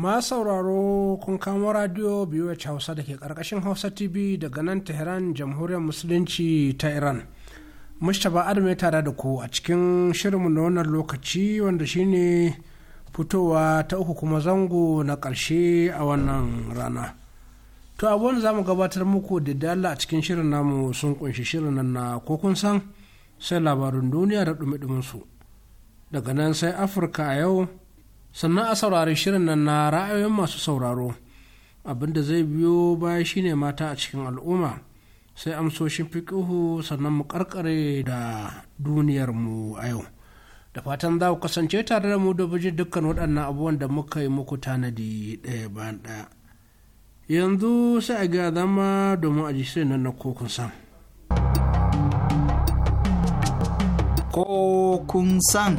ma sauraro kun kamo radio BOH Hausa da ke karkashin Hausa TV daga nan Tehran jamhuriyar musulunci ta Iran. Mustapha Adam ya tare da ku a cikin shirinmu na wannan lokaci wanda shine fitowa ta uku kuma zango na karshe a wannan rana. To abuwan za mu gabatar muku da dala a cikin shirin namu sun kunshi shirin nan na ko kun san sai labarin duniya da ɗumi ɗuminsu Daga nan sai Afirka a yau sannan a saurari shirin nan na ra'ayoyin masu sauraro abinda zai biyo baya shine mata a cikin al'umma sai amsoshin fiƙihu sannan mu karkare da duniyar mu a yau da fatan za ku kasance tare da mu da bijin dukkan waɗannan abubuwan da muka yi muku tanadi ɗaya bayan ɗaya yanzu sai a ga zama domin a ji nan na kokun san kokun san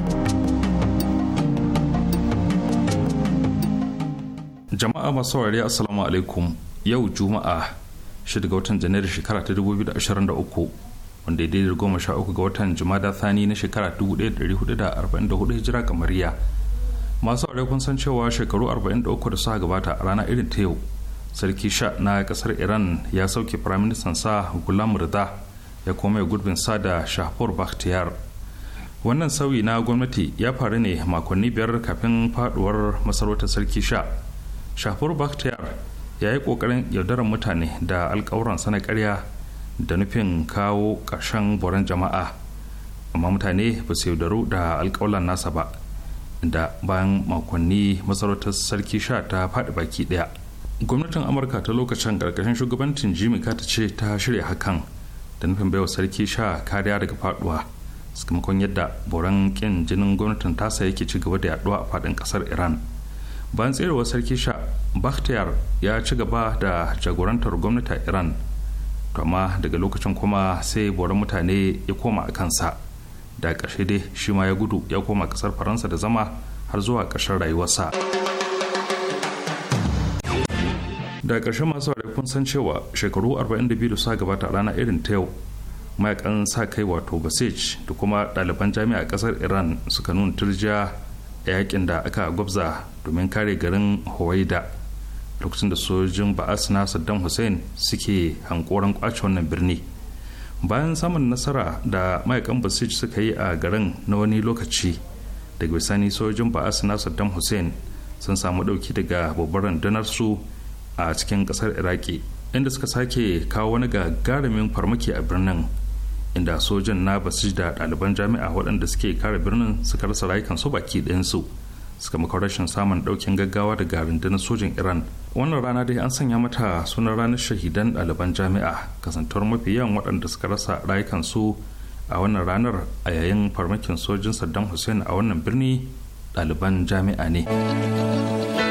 jama'a masu saurari assalamu alaikum yau juma'a 6 ga watan janairu shekara ta 2023 wanda daidai da goma sha uku ga watan jumada thani na shekara 1444 hijira kamariya masu aure kun san cewa shekaru 43 da suka gabata a rana irin ta yau sarki sha na kasar iran ya sauke firaministan sa gulam rida ya kuma ya gurbin sa da shahpur bakhtiyar wannan sauyi na gwamnati ya faru ne makonni biyar kafin faduwar masarautar sarki sha shafur bakhtiyar ya yi kokarin yaudarar mutane da alkawuran sana karya da nufin kawo karshen boran jama'a amma mutane ba su yaudaru da alkawalan nasa ba da bayan makonni masarautar sarki sha ta faɗi baki ɗaya gwamnatin amurka ta lokacin ƙarƙashin shugabancin jimmy carter ce ta shirya hakan da nufin baiwa sarki sha kariya daga faduwa sakamakon yadda boran ƙin jinin gwamnatin tasa yake ci gaba da yaduwa a faɗin ƙasar iran bayan tserewar sarki sha bakhtiyar ya ci gaba da jagorantar gwamnatin iran amma daga lokacin kuma sai boran mutane ya koma a kansa da ƙarshe dai shi ma ya gudu ya koma ƙasar faransa da zama har zuwa ƙarshen rayuwarsa da ƙarshe masu kun san cewa shekaru 42 da suka gabata rana irin ta yau mayakan sa kai wato basij da kuma ɗaliban jami'a ƙasar iran suka nuna turjiya yakin da aka gwabza domin kare garin hawaida lokacin da sojin ba'as na saddam hussein suke hankoran kwace wannan birni bayan samun nasara da mayakan basij suka yi a garin na wani lokaci daga bisani sojin ba'as na saddam hussein sun samu dauki daga babbar rundunar su a cikin kasar iraki inda suka sake kawo wani gagarumin farmaki a birnin inda sojan na basu da ɗaliban jami'a waɗanda suke kare birnin suka rasa rayukansu baki ɗayansu maka rashin samun ɗaukin gaggawa daga rundunar sojan iran wannan rana dai an sanya mata sunan ranar shahidan ɗaliban jami'a kasantar mafi yawan waɗanda suka rasa rayukansu a wannan ranar a yayin farmakin sojin saddam hussein a wannan birni ɗaliban jami'a ne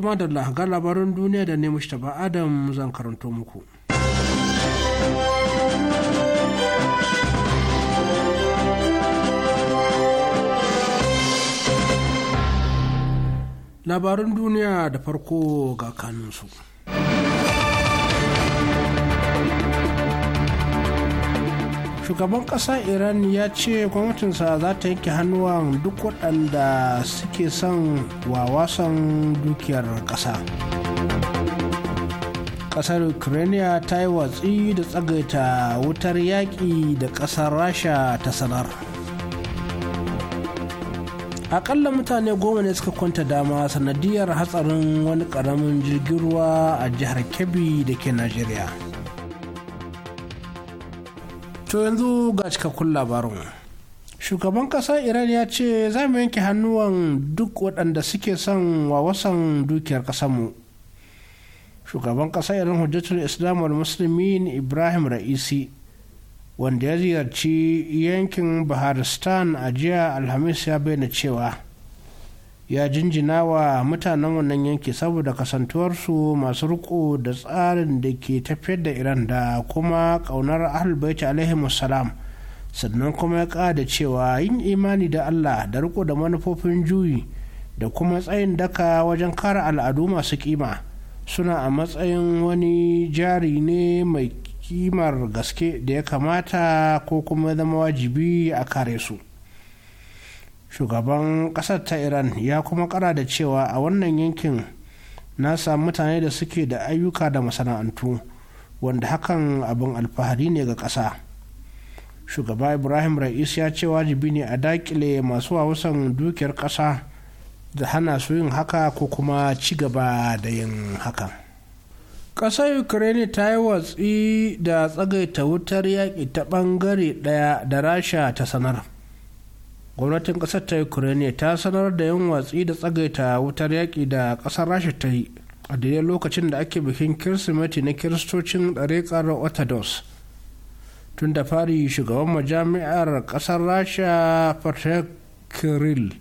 kuma da lahagar labaran duniya da ne ba Adam zan karanto muku. Labaran duniya da farko ga kanunsu. shugaban ƙasar iran ya ce gwamnatinsa za ta yanke hannuwan duk waɗanda suke son wawasan dukiyar ƙasa ƙasar ukraine ta yi watsi da tsagaita wutar yaƙi da ƙasar rasha ta sanar akalla mutane goma ne suka kwanta dama sanadiyar hatsarin wani ƙaramin jirgin ruwa a jihar kebbi da ke najeriya to yanzu ga cikakkun labarin shugaban ƙasar iran ya ce za mu yanke hannuwan duk waɗanda suke son wawasan dukiyar ƙasarmu shugaban ƙasar iran hujjatul islam musulmin ibrahim ra'isi wanda ya ziyarci yankin baharistan a jiya alhamis ya bayyana cewa ya jinjina wa mutanen wannan yanki saboda kasantuwarsu masu riko da tsarin da ke tafiyar da iran da kuma kaunar ahalbaita alaihi salam sannan kuma ya kada cewa yin imani da allah da riko da manufofin juyi da kuma tsayin daka wajen kara al'adu masu kima suna a matsayin wani jari ne mai kimar gaske da ya kamata ko kuma zama wajibi a kare su. shugaban kasar ta iran ya kuma kara da cewa a wannan yankin na samu mutane da suke da ayyuka da masana'antu wanda hakan abin alfahari ne ga ƙasa shugaba ibrahim ra'is ya ce wajibi ne a dakile masu hausan dukiyar ƙasa da hana su yin haka ko kuma ci gaba da yin haka ƙasar ukraine ta yi watsi da tsagaita wutar yaƙi ta ɓangare ɗaya da rasha ta sanar gwamnatin ƙasar ta ukraine ta sanar da yin watsi da tsagaita wutar yaƙi da ƙasar rasha ta yi a daidai lokacin da ake bikin kirsimeti na kiristocin ɗariƙar orthodox tun da fari shugaban majami'ar ƙasar rasha patrick kirill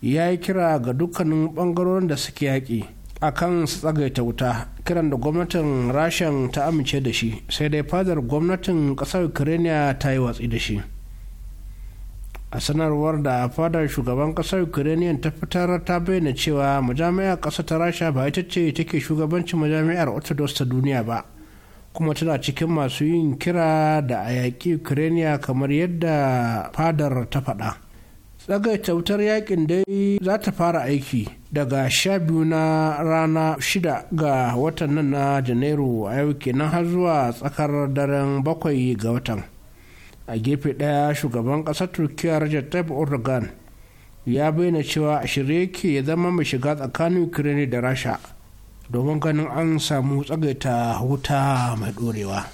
ya yi kira ga dukkanin ɓangarorin da suke yaƙi a kan su tsagaita wuta kiran da gwamnatin rashin ta amince da shi sai dai fadar gwamnatin ƙasar ukraine ta yi watsi da shi a sanarwar da fadar shugaban kasar ukrainian ta fitar ta bayyana cewa majami'ar ƙasa ta rasha ba ita ce take shugabancin majami'ar orthodox ta duniya ba kuma tana cikin masu yin kira da a yaƙi ukrainian kamar yadda fadar ta faɗa tsagaita wutar yakin dai za ta fara aiki daga sha biyu na rana shida ga watan nan na janairu a yau kenan har zuwa tsakar daren bakwai ga watan a gefe ɗaya shugaban ƙasar turkiya rajab tayyip erdogan ya bayyana cewa a shirye yake ya zama mai shiga tsakanin ukraine da rasha domin ganin an samu tsagaita wuta mai ɗorewa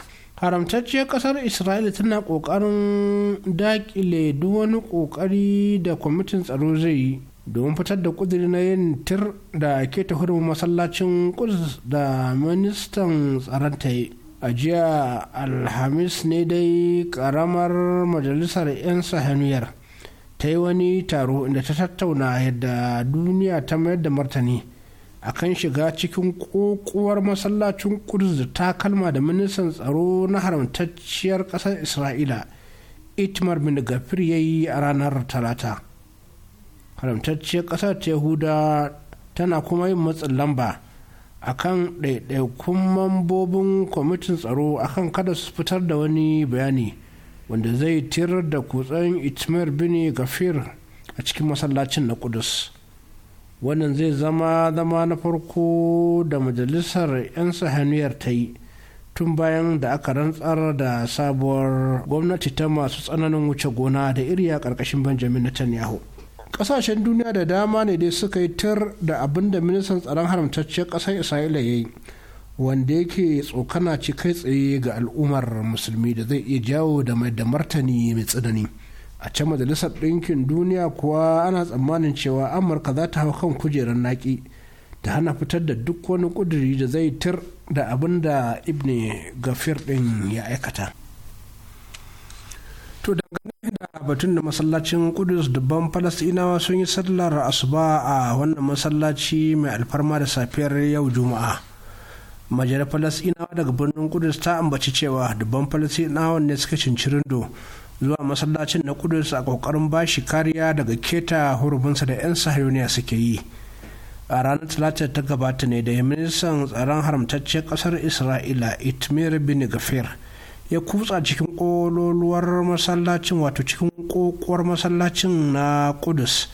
haramtacciyar kasar isra'ila tana kokarin dakile duk wani kokari da kwamitin tsaro zai yi domin fitar da ƙudiri na yin tir da ke ta masallacin kudus da ministan tsaron ta yi a jiya alhamis ne dai karamar majalisar 'yan sahaniyar ta yi wani taro inda ta tattauna yadda duniya ta mayar da martani a kan shiga cikin kokowar masallacin kudus da takalma da ministan tsaro na haramtacciyar ƙasar isra'ila itmar bin gafir ya yi a ranar talata haramtacciyar ƙasar ta yahuda tana kuma yin matsin lamba akan ɗaiɗaikun mambobin kwamitin tsaro akan kada su fitar da wani bayani wanda zai tirar da kutsen itmir bin gafir a cikin masallacin na kudus wannan zai zama zama na farko da majalisar 'yan sahaniyar ta yi tun bayan da aka rantsar da sabuwar gwamnati ta masu tsananin wuce gona da iri a ƙarƙashin benjamin netanyahu kasashen duniya da dama ne dai suka yi tir da abin da ministan tsaron haramtaccen ƙasar isra'ila ya yi wanda yake tsokana ci kai tsaye ga al'ummar musulmi da zai iya jawo da mai da martani mai tsanani a can majalisar ɗinkin duniya kuwa ana tsammanin cewa amurka za ta hau kan kujerar naƙi ta hana fitar da duk wani ƙuduri da zai tir da abin da ibn gafir ɗin ya aikata to dangane batun da masallacin kudus dubban falasɗinawa sun yi sallar asuba a wannan masallaci mai alfarma da safiyar yau juma'a majalar falasɗinawa daga birnin kudus ta ambaci cewa dubban falasɗinawa ne suka cincirindo zuwa masallacin na kudus a kokarin bashi kariya daga keta hurubinsa da 'yan sahiyoniya suke yi a ranar talata ta gabata ne da ministan tsaron haramtacce kasar isra'ila itmir bin gafir ya kutsa cikin ƙololuwar masallacin wato cikin ƙoƙuwar masallacin na kudus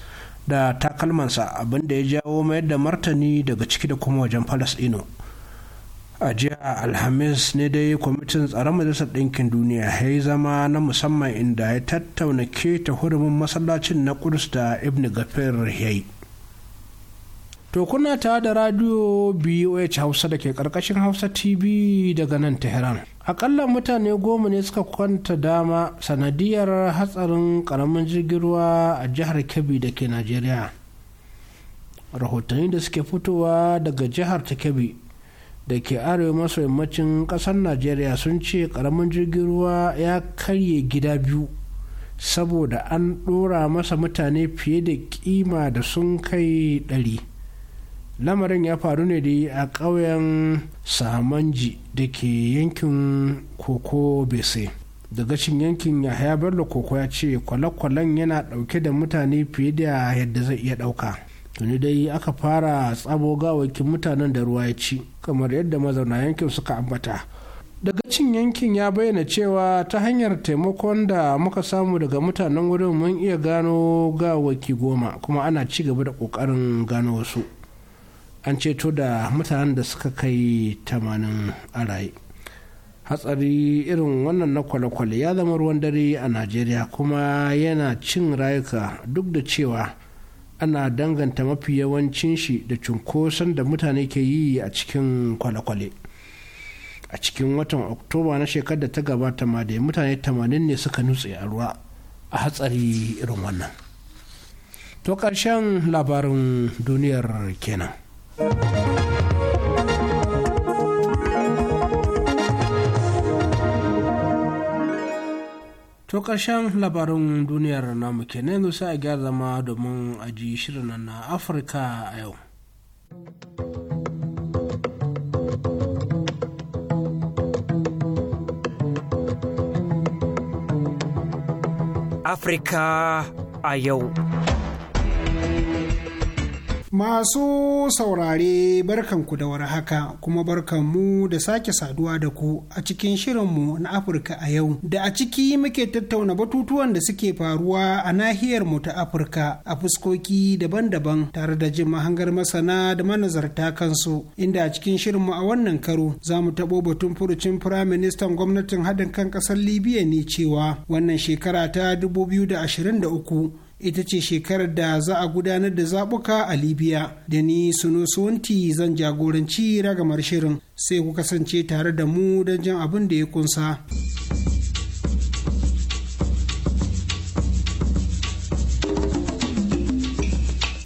da takalmansa abinda ya jawo mayar da martani daga ciki da kuma wajen falasɗinu a jiya alhamis ne dai kwamitin tsaron majalisar ɗinkin duniya ya yi zama na musamman inda ya tattauna ta hurumin masallacin na kudus da ibn gafir ya yi To kuna tare da radio BOH Hausa da ke ƙarƙashin Hausa TV daga nan Tehran. akalla mutane goma ne suka kwanta dama sanadiyar hatsarin karamin jirgin ruwa a jihar kebbi da ke najeriya rahotanni da suke fitowa daga jihar ta kebbi da ke arewa maso yammacin kasar najeriya sun ce karamin jirgin ruwa ya karye gida biyu saboda an dora masa mutane fiye da kima da sun kai 100. lamarin ya faru ne da a ƙauyen samanji da ke yankin koko bese da gashin yankin yahaya bello koko ya ce kwale-kwalen yana ɗauke da mutane fiye da yadda zai iya ɗauka tuni dai aka fara tsabo gawakin mutanen da ruwa ya ci kamar yadda mazauna yankin suka ambata daga cin yankin ya bayyana cewa ta hanyar taimakon da muka samu daga mutanen wurin mun iya gano gawaki goma kuma ana ci gaba da ƙoƙarin gano wasu an ceto da mutanen da suka kai tamanin a raye hatsari irin wannan na kwale-kwale ya zama ruwan dare a najeriya kuma yana cin rayuka duk da cewa ana danganta mafi yawancin shi da cunkoson da mutane ke yi a cikin kwale-kwale a cikin watan oktoba na shekarar da ta gabata ma da mutane 80 ne suka nutse a ruwa a hatsari irin wannan to karshen labarin duniyar kenan To ƙarshen labarin duniyar namu kenan yanzu sai a gyara zama domin aji shirin na Afirka a yau. Afirka a yau. Masu saurare barkanku da war haka kuma barkanmu da sake saduwa da ku a cikin shirinmu na Afirka a yau da a ciki muke tattauna batutuwan da suke faruwa a nahiyar mu ta Afirka a fuskoki daban-daban tare da jin mahangar masana da manazarta kansu inda a cikin shirinmu a wannan karo za mu taɓo batun furucin firaministan gwamnatin haɗin kan ƙasar Libya ne cewa wannan shekara ta 2023 ita ce shekarar da za a gudanar da zaɓuka a libya da ni suno suwanti zan jagoranci ragamar shirin sai ku kasance tare da mu don jan abin da ya kunsa.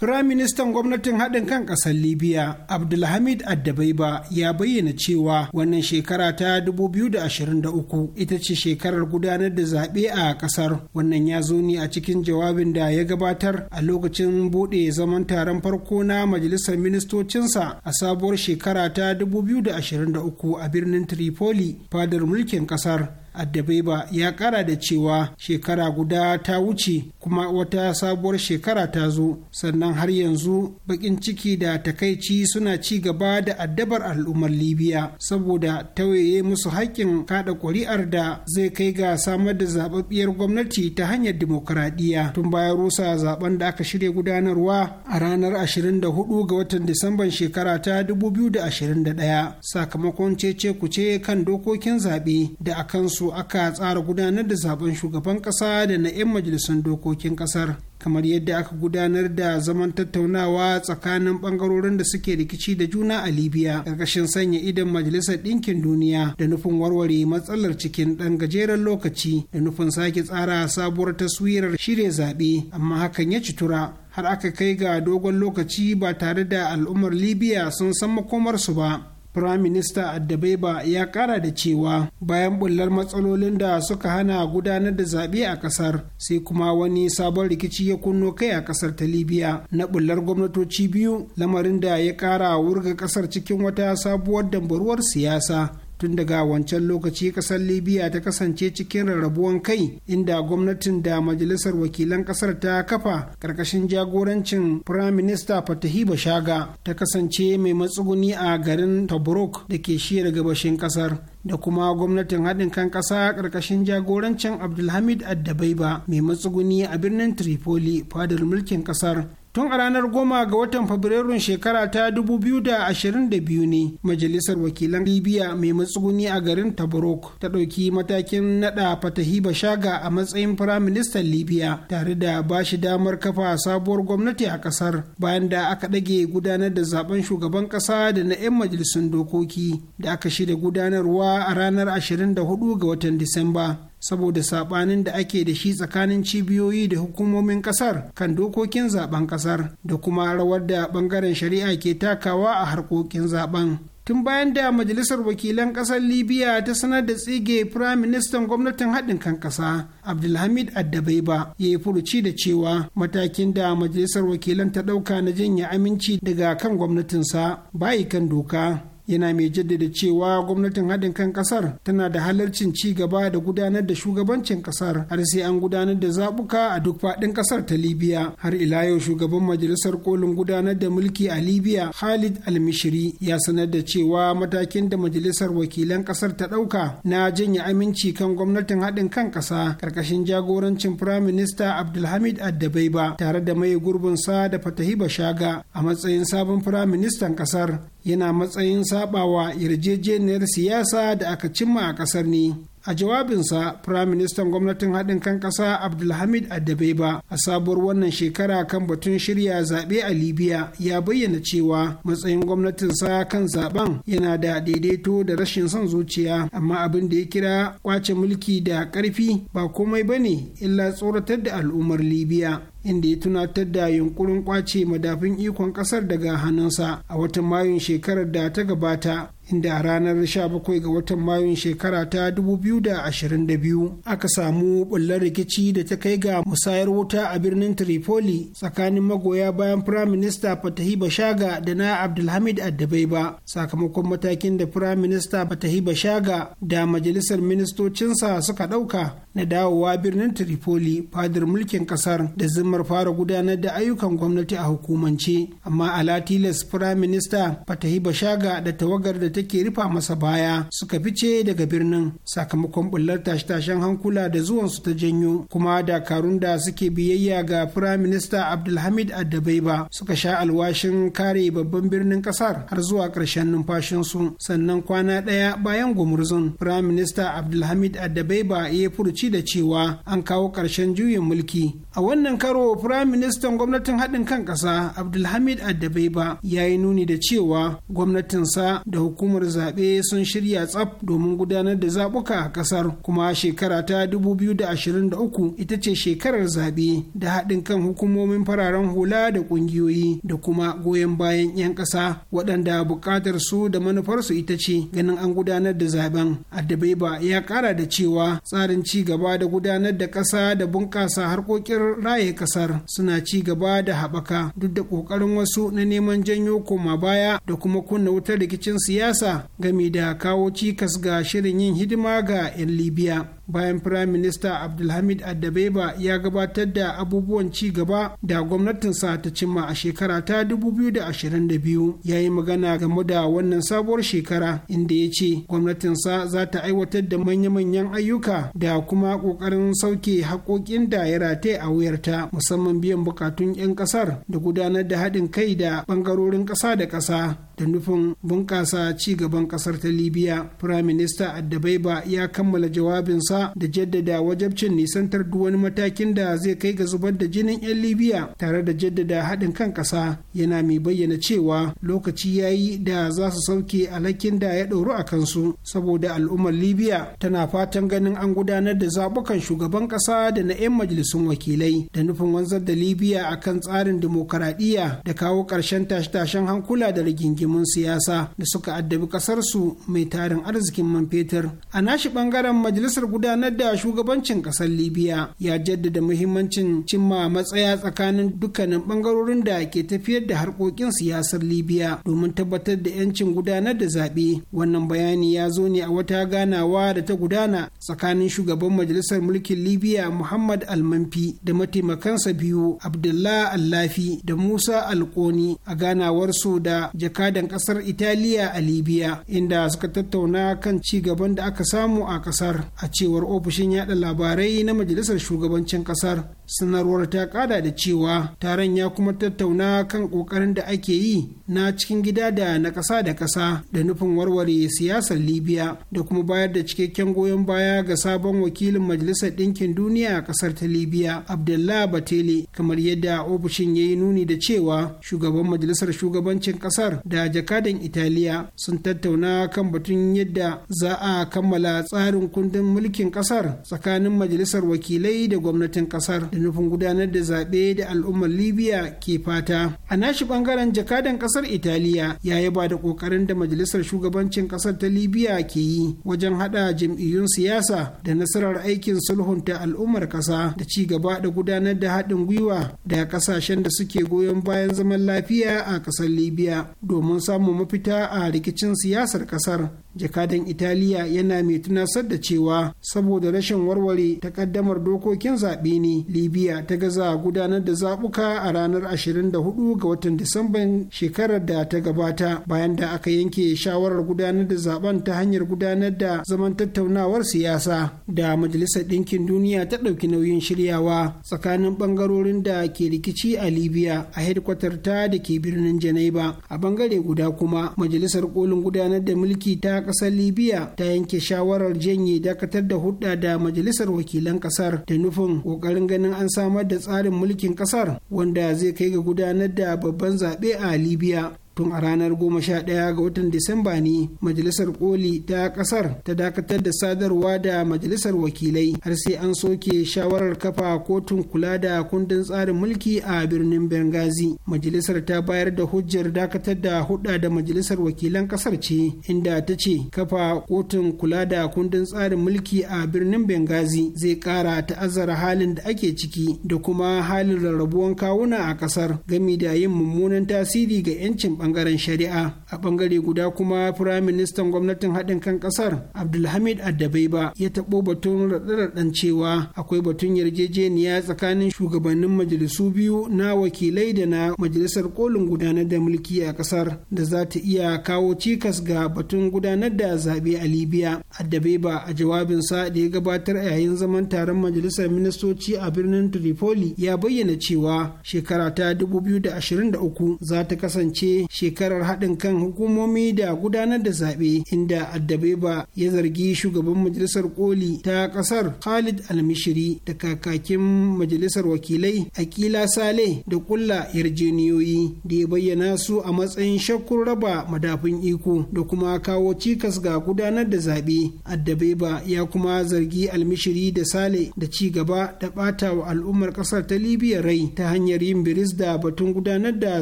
Firaministan gwamnatin haɗin kan ƙasar Libya, Abdulhamid Addabaiba ya bayyana cewa wannan shekara ta 2023 ita ce shekarar gudanar da zaɓe a ƙasar. Wannan ya zo ne a cikin jawabin da ya gabatar a lokacin buɗe zaman taron farko na Majalisar Ministocinsa a sabuwar shekara ta 2023 a birnin Tripoli, fadar mulkin ƙasar. addabaiba ya kara da cewa shekara guda ta wuce kuma wata sabuwar shekara ta zo sannan har yanzu bakin ciki da takaici suna ci gaba da addabar al'ummar libya saboda tawaye musu haƙƙin kada ƙuri'ar da zai kai ga samar da zababbiyar gwamnati ta hanyar dimokuraɗiyya tun bayan rusa zaben da aka shirya gudanarwa a ranar 24 ga watan disamban shekara ta 2021 sakamakon cece kuce kan dokokin zaɓe da su. su aka tsara gudanar da zaben shugaban kasa da na 'yan majalisun dokokin kasar kamar yadda aka gudanar da zaman tattaunawa tsakanin bangarorin da suke rikici da juna a libya ƙarƙashin sanya idan majalisar ɗinkin duniya da nufin warware matsalar cikin ɗan gajeren lokaci da nufin sake tsara sabuwar taswirar shirya zaɓe amma hakan ya citura har aka kai ga dogon lokaci ba tare da al'ummar libya sun san makomarsu ba Firaminista Addabeba ya kara da cewa bayan bullar matsalolin da suka hana gudanar da zaɓe a ƙasar sai kuma wani sabon rikici ya kunno kai a ƙasar ta Libya na bullar gwamnatoci biyu lamarin da ya ƙara wurga ƙasar cikin wata sabuwar dambaruwar siyasa. tun daga wancan lokaci kasar libya ta kasance cikin rarrabuwan kai inda gwamnatin da majalisar wakilan kasar ta kafa karkashin jagorancin prime minister fatahi bashaga ta kasance mai matsuguni a garin tobruk da ke shiyar gabashin kasar da kuma gwamnatin haɗin kan ƙasa ƙarƙashin jagorancin abdulhamid addabaiba mai matsuguni a birnin tripoli fadar mulkin ƙasar tun a ranar goma ga watan fabrairun shekara ta 2022 ne majalisar wakilan libya mai matsuguni a garin tabarok ta ɗauki matakin naɗa fatahi shaga a matsayin firaministan libya tare da ba shi damar kafa sabuwar gwamnati a ƙasar bayan da aka ɗage gudanar da zaben shugaban ƙasa da na 'yan majalisun dokoki da aka shirya gudanarwa a ranar 24 ga watan disamba saboda saɓanin da ake da shi tsakanin cibiyoyi da hukumomin kasar kan dokokin zaben kasar da kuma rawar da bangaren shari'a ke takawa a harkokin zaben tun bayan da majalisar wakilan kasar libya ta sanar da tsige firayim ministan gwamnatin haɗin kan ƙasa abdulhamid addabaiba ya yi furuci da cewa matakin da majalisar wakilan ta ɗauka na jinya aminci daga kan gwamnatinsa bayi kan doka yana mai jaddada cewa gwamnatin haɗin kan ƙasar tana da halarcin ci gaba da gudanar da shugabancin ƙasar har sai an gudanar da zaɓuka a duk faɗin ƙasar ta libya har ila yau shugaban majalisar kolin gudanar da mulki a libya khalid almishiri ya sanar da cewa matakin da majalisar wakilan ƙasar ta ɗauka na janye aminci kan gwamnatin haɗin kan ƙasa ƙarƙashin jagorancin firaminista abdulhamid addabaiba tare da mai gurbinsa da fatahi bashaga a matsayin sabon firaministan ƙasar yana matsayin sabawa yarjejeniyar siyasa da aka cimma a kasar ne a jawabinsa firaministan gwamnatin haɗin kan ƙasa abdulhamid ba a sabuwar wannan shekara kan batun shirya zaɓe a libya ya bayyana cewa matsayin gwamnatinsa kan zaɓen yana da daidaito da rashin son zuciya amma abin da ya kira kwace mulki da ƙarfi ba komai ba ne illa tsoratar da al'ummar libya inda ya tunatar da yunkurin kwace madafin ikon ƙasar daga hannunsa a watan mayun shekarar da ta gabata inda a ranar 17 ga watan mayun shekara ta 2022 aka samu bullar rikici da ta kai ga musayar wuta a birnin Tripoli tsakanin magoya bayan Prime Minister Fatahi Bashaga da na Abdulhamid Addabaiba sakamakon matakin da Prime Minister Fatahi Bashaga da majalisar ministocinsa suka ɗauka na dawowa birnin Tripoli fadar mulkin kasar da zimmar fara gudanar da ayyukan gwamnati a hukumance amma ala tilas Prime Minister Fatahi Bashaga da tawagar da take rufa masa baya suka fice daga birnin sakamakon bullar tashe-tashen hankula da zuwan su ta janyo kuma dakarun da suke biyayya ga firayim minista abdulhamid addabaiba suka sha alwashin kare babban birnin kasar har zuwa ƙarshen numfashinsu sannan kwana ɗaya bayan gumurzun firayim minista abdulhamid addabaiba ya furci da cewa an kawo ƙarshen juyin mulki a wannan karo firayim gwamnatin haɗin kan ƙasa abdulhamid addabaiba ya yi nuni da cewa gwamnatinsa da hukumar hukumar zaɓe sun shirya tsaf domin gudanar da zaɓuka a ƙasar kuma shekara ta 2023 ita ce shekarar zaɓe da haɗin kan hukumomin fararen hula da ƙungiyoyi da kuma goyon bayan 'yan ƙasa waɗanda buƙatar su da manufarsu ita ce ganin an gudanar da zaben addabaiba ya ƙara da cewa tsarin ci gaba da gudanar da ƙasa da bunƙasa harkokin raye ƙasar suna ci gaba da haɓaka duk da ƙoƙarin wasu na neman janyo koma baya da kuma kunna wutar rikicin siyasa ƙasa game da kawo cikas ga shirin yin hidima ga 'yan libya bayan firayim minista abdulhamid Adabeba ya gabatar da abubuwan ci gaba da gwamnatinsa ta cimma a shekara ta 2022 ya yi magana game da wannan sabuwar shekara inda ya ce gwamnatinsa za ta aiwatar da manya-manyan ayyuka da kuma ƙoƙarin sauke haƙoƙin da ya rataye a wuyarta musamman biyan bukatun 'yan ƙasar da gudanar da haɗin kai da ɓangarorin ƙasa da ƙasa da nufin bunƙasa ci gaban ƙasar ta libya firayim minista addabeba ya kammala jawabinsa ƙasa da jaddada wajabcin nisantar duk wani matakin da zai kai ga zubar da jinin 'yan libya tare da jaddada haɗin kan ƙasa yana mai bayyana cewa lokaci ya yi da za su sauke alhakin da ya ɗoru a kansu saboda al'ummar libya tana fatan ganin an gudanar da zaɓukan shugaban ƙasa da na 'yan majalisun wakilai da nufin wanzar da libya kan tsarin dimokuraɗiyya da kawo ƙarshen tashe-tashen hankula da rigingimun siyasa da suka addabi ƙasarsu mai tarin arzikin man fetur a nashi ɓangaren majalisar gudanar da shugabancin ƙasar libya ya jaddada muhimmancin cimma matsaya tsakanin dukkanin ɓangarorin da ke tafiyar da harkokin siyasar libya domin tabbatar da 'yancin gudanar da zaɓe wannan bayani ya zo ne a wata ganawa da ta gudana tsakanin shugaban majalisar mulkin libya muhammad almanfi da mataimakansa biyu abdullah allafi da musa alkoni a ganawar su da jakadan ƙasar italiya a libya inda suka tattauna kan ci gaban da aka samu a ƙasar a cewa cewar ofishin yada labarai na majalisar shugabancin kasar sanarwar ta kada da cewa taron ya kuma tattauna kan kokarin da ake yi na cikin gida da na ƙasa da ƙasa da nufin warware siyasar libya da kuma bayar da cikakken goyon baya ga sabon wakilin majalisar ɗinkin duniya a ƙasar ta libya abdullah batele kamar yadda ofishin ya yi nuni da cewa shugaban majalisar shugabancin ƙasar da jakadan italiya sun tattauna kan batun yadda za a kammala tsarin kundin mulkin ƙasar tsakanin majalisar wakilai da gwamnatin ƙasar da nufin gudanar da zaɓe da al'ummar libya ke fata a nashi ɓangaren jakadan ƙasar italiya ya yaba da ƙoƙarin da majalisar shugabancin ƙasar ta libya ke yi wajen haɗa jam'iyyun siyasa da nasarar aikin sulhunta al'ummar ƙasa da ci gaba da gudanar da haɗin gwiwa da ƙasashen da suke goyon bayan zaman lafiya a ƙasar libya domin samun mafita a rikicin siyasar ƙasar jakadan italiya yana mai tunasar da cewa saboda rashin warware takaddamar dokokin zaɓe ne libya ta gaza gudanar da zaɓuka a ranar 24 ga watan disamban shekarar da ta gabata bayan da aka yanke shawarar gudanar da zaben ta hanyar gudanar da zaman tattaunawar siyasa da majalisar ɗinkin duniya ta ɗauki nauyin shiryawa tsakanin ɓangarorin da ke rikici a libya a hedkwatar ta da ke birnin janaiba a bangare guda kuma majalisar kolin gudanar da mulki ta ƙasar libya ta yanke shawarar janye dakatar da hudda da majalisar wakilan ƙasar da nufin ƙoƙarin ganin an samar da tsarin mulkin kasar wanda zai kai ga gudanar da babban zaɓe a libya tun a ranar 11 ga watan Disamba ne majalisar koli ta kasar ta dakatar da sadarwa da majalisar wakilai har sai an soke shawarar kafa kotun kula da kundin tsarin mulki a birnin Benghazi. Majalisar ta bayar da hujjar dakatar da hudda da majalisar wakilan kasar ce inda ta ce kafa kotun kula da kundin tsarin mulki a birnin Benghazi zai kara ta'azzara halin da ake ciki da kuma halin rarrabuwan kawuna a kasar gami da yin mummunan tasiri ga 'yancin bangaren shari'a a bangare guda kuma firaministan gwamnatin haɗin kan ƙasar abdulhamid addabaiba ya taɓo batun raɗe cewa akwai batun yarjejeniya tsakanin shugabannin majalisu biyu na wakilai da na majalisar kolin gudanar da mulki a ƙasar da za ta iya kawo cikas ga batun gudanar da zaɓe a libya addabaiba a jawabinsa da ya gabatar a yayin zaman taron majalisar ministoci a birnin tripoli ya bayyana cewa shekara ta 2023 za ta kasance shekarar haɗin kan hukumomi da gudanar da zaɓe inda addabeba ya zargi shugaban majalisar koli ta ƙasar khalid almishiri da kakakin majalisar wakilai akila sale da ƙulla yarjeniyoyi da ya bayyana su a matsayin shakkun raba madafin iko da kuma kawo cikas ga gudanar da zaɓe addabeba ya kuma zargi almishiri da sale da ci gaba da ɓata wa al'ummar ƙasar ta libya rai ta hanyar yin biris da batun gudanar da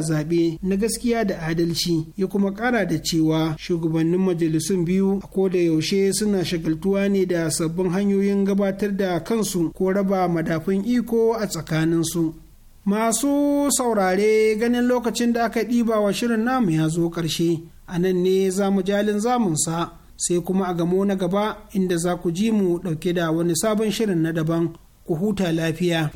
zaɓe na gaskiya da adalci ya kuma kara da cewa shugabannin majalisun biyu a da yaushe suna shagaltuwa ne da sabbin hanyoyin gabatar da kansu ko raba madafin iko a tsakaninsu masu saurare ganin lokacin da aka ɗiba wa shirin namu ya zo ƙarshe a nan ne za mu jalin zamunsa sai kuma a gamo na gaba inda za ku ji mu ɗauke da wani sabon shirin na daban ku huta lafiya.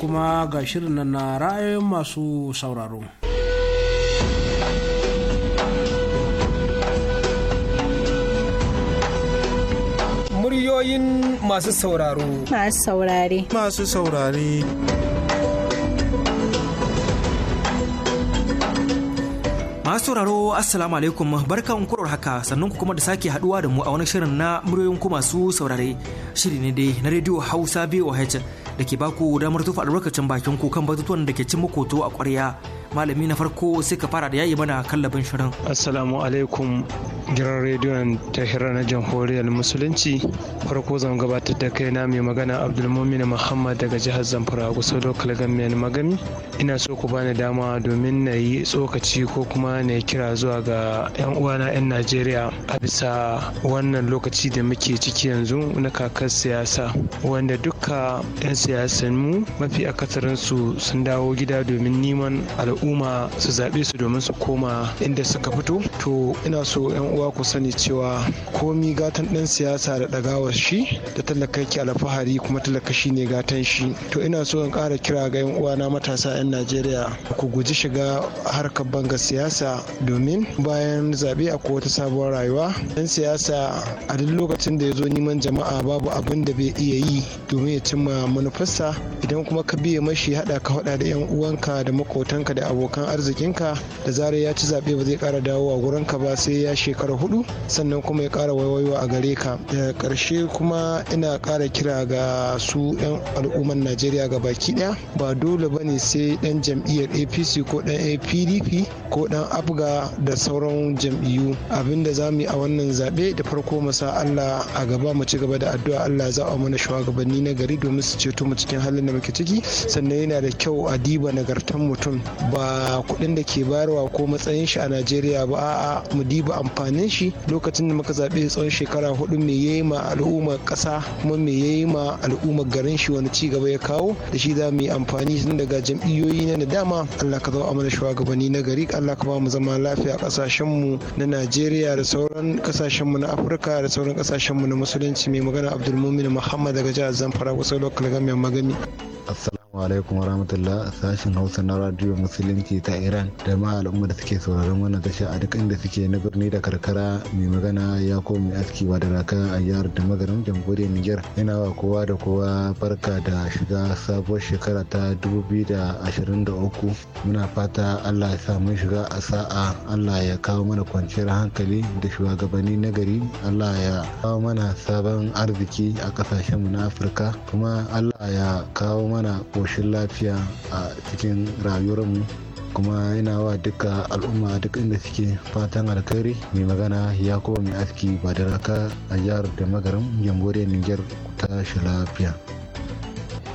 kuma ga shirin nan na ra'ayoyin masu sauraro. Muryoyin masu sauraro. Masu saurare. Masu saurare. masu sauraro assalamu alaikum barkan kurar haka sannan ku kuma da sake haduwa da mu a wani shirin na muryoyin ku masu saurare shiri ne dai na rediyo hausa voh da ke baku damar tufa albarkacin bakin ku kan batutuwan da ke cin makoto a ƙwarya malami na farko sai ka fara da yayi mana kallabin shirin assalamu alaikum giran rediyon tahirar na jamhuriyar musulunci farko zan gabatar da kaina mai magana abdulmumin muhammad daga jihar zamfara kusa lokal gamiyan magami ina so ku bani dama domin na yi tsokaci ko kuma na kira zuwa ga yan uwana yan najeriya a bisa wannan lokaci da muke ciki yanzu na kakar siyasa wanda dukka yan siyasan mu mafi akasarinsu sun dawo gida domin neman al'umma al'umma su zaɓe su domin su koma inda suka fito to ina so yan uwa ku sani cewa komi gatan ɗan siyasa da ɗagawar shi da talakaki alfahari kuma talakashi ne gatan shi to ina so in ƙara kira ga yan uwa na matasa yan najeriya ku guji shiga harkar banga siyasa domin bayan zaɓe a wata sabuwar rayuwa ɗan siyasa a duk lokacin da ya zo neman jama'a babu abin da bai iya yi domin ya cimma manufarsa idan kuma ka biye mashi haɗa ka haɗa da yan uwanka da makotanka da abokan arzikinka da zarar ya ci zaɓe ba zai ƙara dawowa gurinka ba sai ya shekara hudu sannan kuma ya ƙara waiwaiwa a gare ka daga ƙarshe kuma ina ƙara kira ga su 'yan al'ummar najeriya ga baki ɗaya ba dole ba ne sai ɗan jam'iyyar apc ko ɗan apdp ko ɗan afga da sauran jam'iyyu abinda za mu yi a wannan zaɓe da farko mu sa allah a gaba mu ci gaba da addu'a allah za a mana shugabanni na gari domin su ceto mu cikin halin da muke ciki sannan yana da kyau a diba nagartan mutum ba kuɗin da ke bayarwa ko matsayin shi a najeriya ba a'a mu diba amfanin shi lokacin da muka zaɓe tsawon shekara hudu me yayi ma al'ummar ƙasa kuma me yayi ma al'ummar garin shi wani ci gaba ya kawo da shi za mu yi amfani tun daga jam'iyyoyi na da dama allah ka zama amana shugabanni na gari allah ka ba mu zama lafiya ƙasashen mu na najeriya da sauran ƙasashen mu na afirka da sauran ƙasashen mu na musulunci mai magana abdul Mumin muhammad daga jihar zamfara kusa lokal gamiyar magani. Assalamu alaikum warahmatullah sashen Hausa na Radio Musulunci ta Iran da ma al'umma da suke sauraron wannan tasha a duk inda suke na birni da karkara mai magana ya komi aski wa da raka a yar da magaram jamhuriyar Niger yana wa kowa da kowa barka da shiga sabuwar shekara ta uku. muna fata Allah ya sa shiga a sa'a Allah ya kawo mana kwanciyar hankali da shugabanni na gari Allah ya kawo mana sabon arziki a kasashen mu na Afirka kuma Allah ya kawo mana koshin lafiya a cikin rayuwarmu kuma yana wa duka al'umma duk inda suke fatan alkhairi mai magana ya kuma mai aski ba da raka a jihar da magarin jamhuriyar niger ta shi lafiya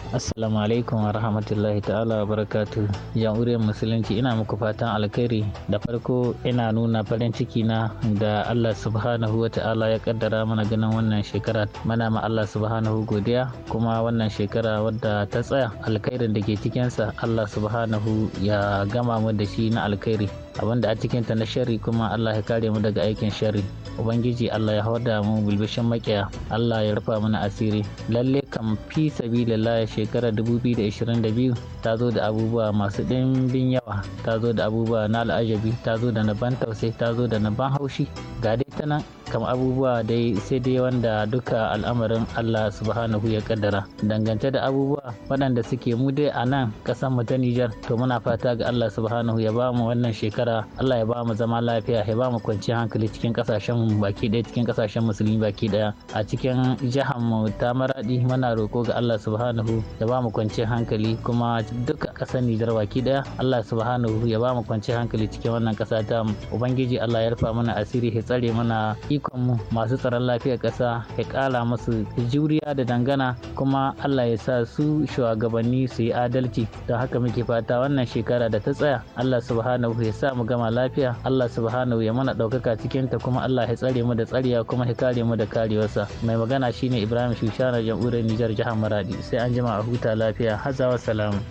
Assalamu alaikum wa rahmatullahi ta'ala wa barakatu. Jam'uriyar Musulunci ina muku fatan alkhairi da farko ina nuna farin ciki na da Allah subhanahu wa ta'ala ya kaddara mana ganin wannan shekara mana ma Allah subhanahu godiya kuma wannan shekara wadda ta tsaya alkhairin da ke cikinsa Allah subhanahu ya gama mu da shi na alkhairi. abinda a cikin ta na sharri kuma Allah ya kare mu daga aikin sharri ubangiji Allah ya da mu bilbishin makiya Allah ya rufa mana asiri lalle kam fi sabilillah shekara 2022 ta zo da abubuwa masu ɗimbin yawa ta zo da abubuwa na al'ajabi ta zo da na ban tausayi ta zo da na ban haushi ga dai ta nan kam abubuwa dai sai dai wanda duka al'amarin Allah subhanahu ya kaddara dangance da abubuwa waɗanda suke mu dai a nan ƙasar mu ta Nijar to muna fata ga Allah subhanahu ya ba mu wannan shekara nasara Allah ya ba mu zama lafiya ya ba mu kwanciyar hankali cikin kasashen mu baki ɗaya cikin kasashen musulmi baki ɗaya a cikin jihar mu ta maradi muna roko ga Allah subhanahu ya ba mu kwanciyar hankali kuma duk kasar Nijar baki ɗaya Allah subhanahu ya ba mu kwanciyar hankali cikin wannan kasa ta mu ubangiji Allah ya rufa mana asiri ya tsare mana ikon mu masu tsaron lafiyar kasa ya kala musu juriya da dangana kuma Allah ya sa su shugabanni su yi adalci don haka muke fata wannan shekara da ta tsaya Allah subhanahu ya sa sa mu gama lafiya Allah subhanahu ya mana ɗaukaka cikin ta kuma Allah ya tsare mu da tsariya kuma ya kare mu da karewarsa mai magana shine Ibrahim Shushana jamhuriyar Nijar jihar Maradi sai an jima a huta lafiya wa salamu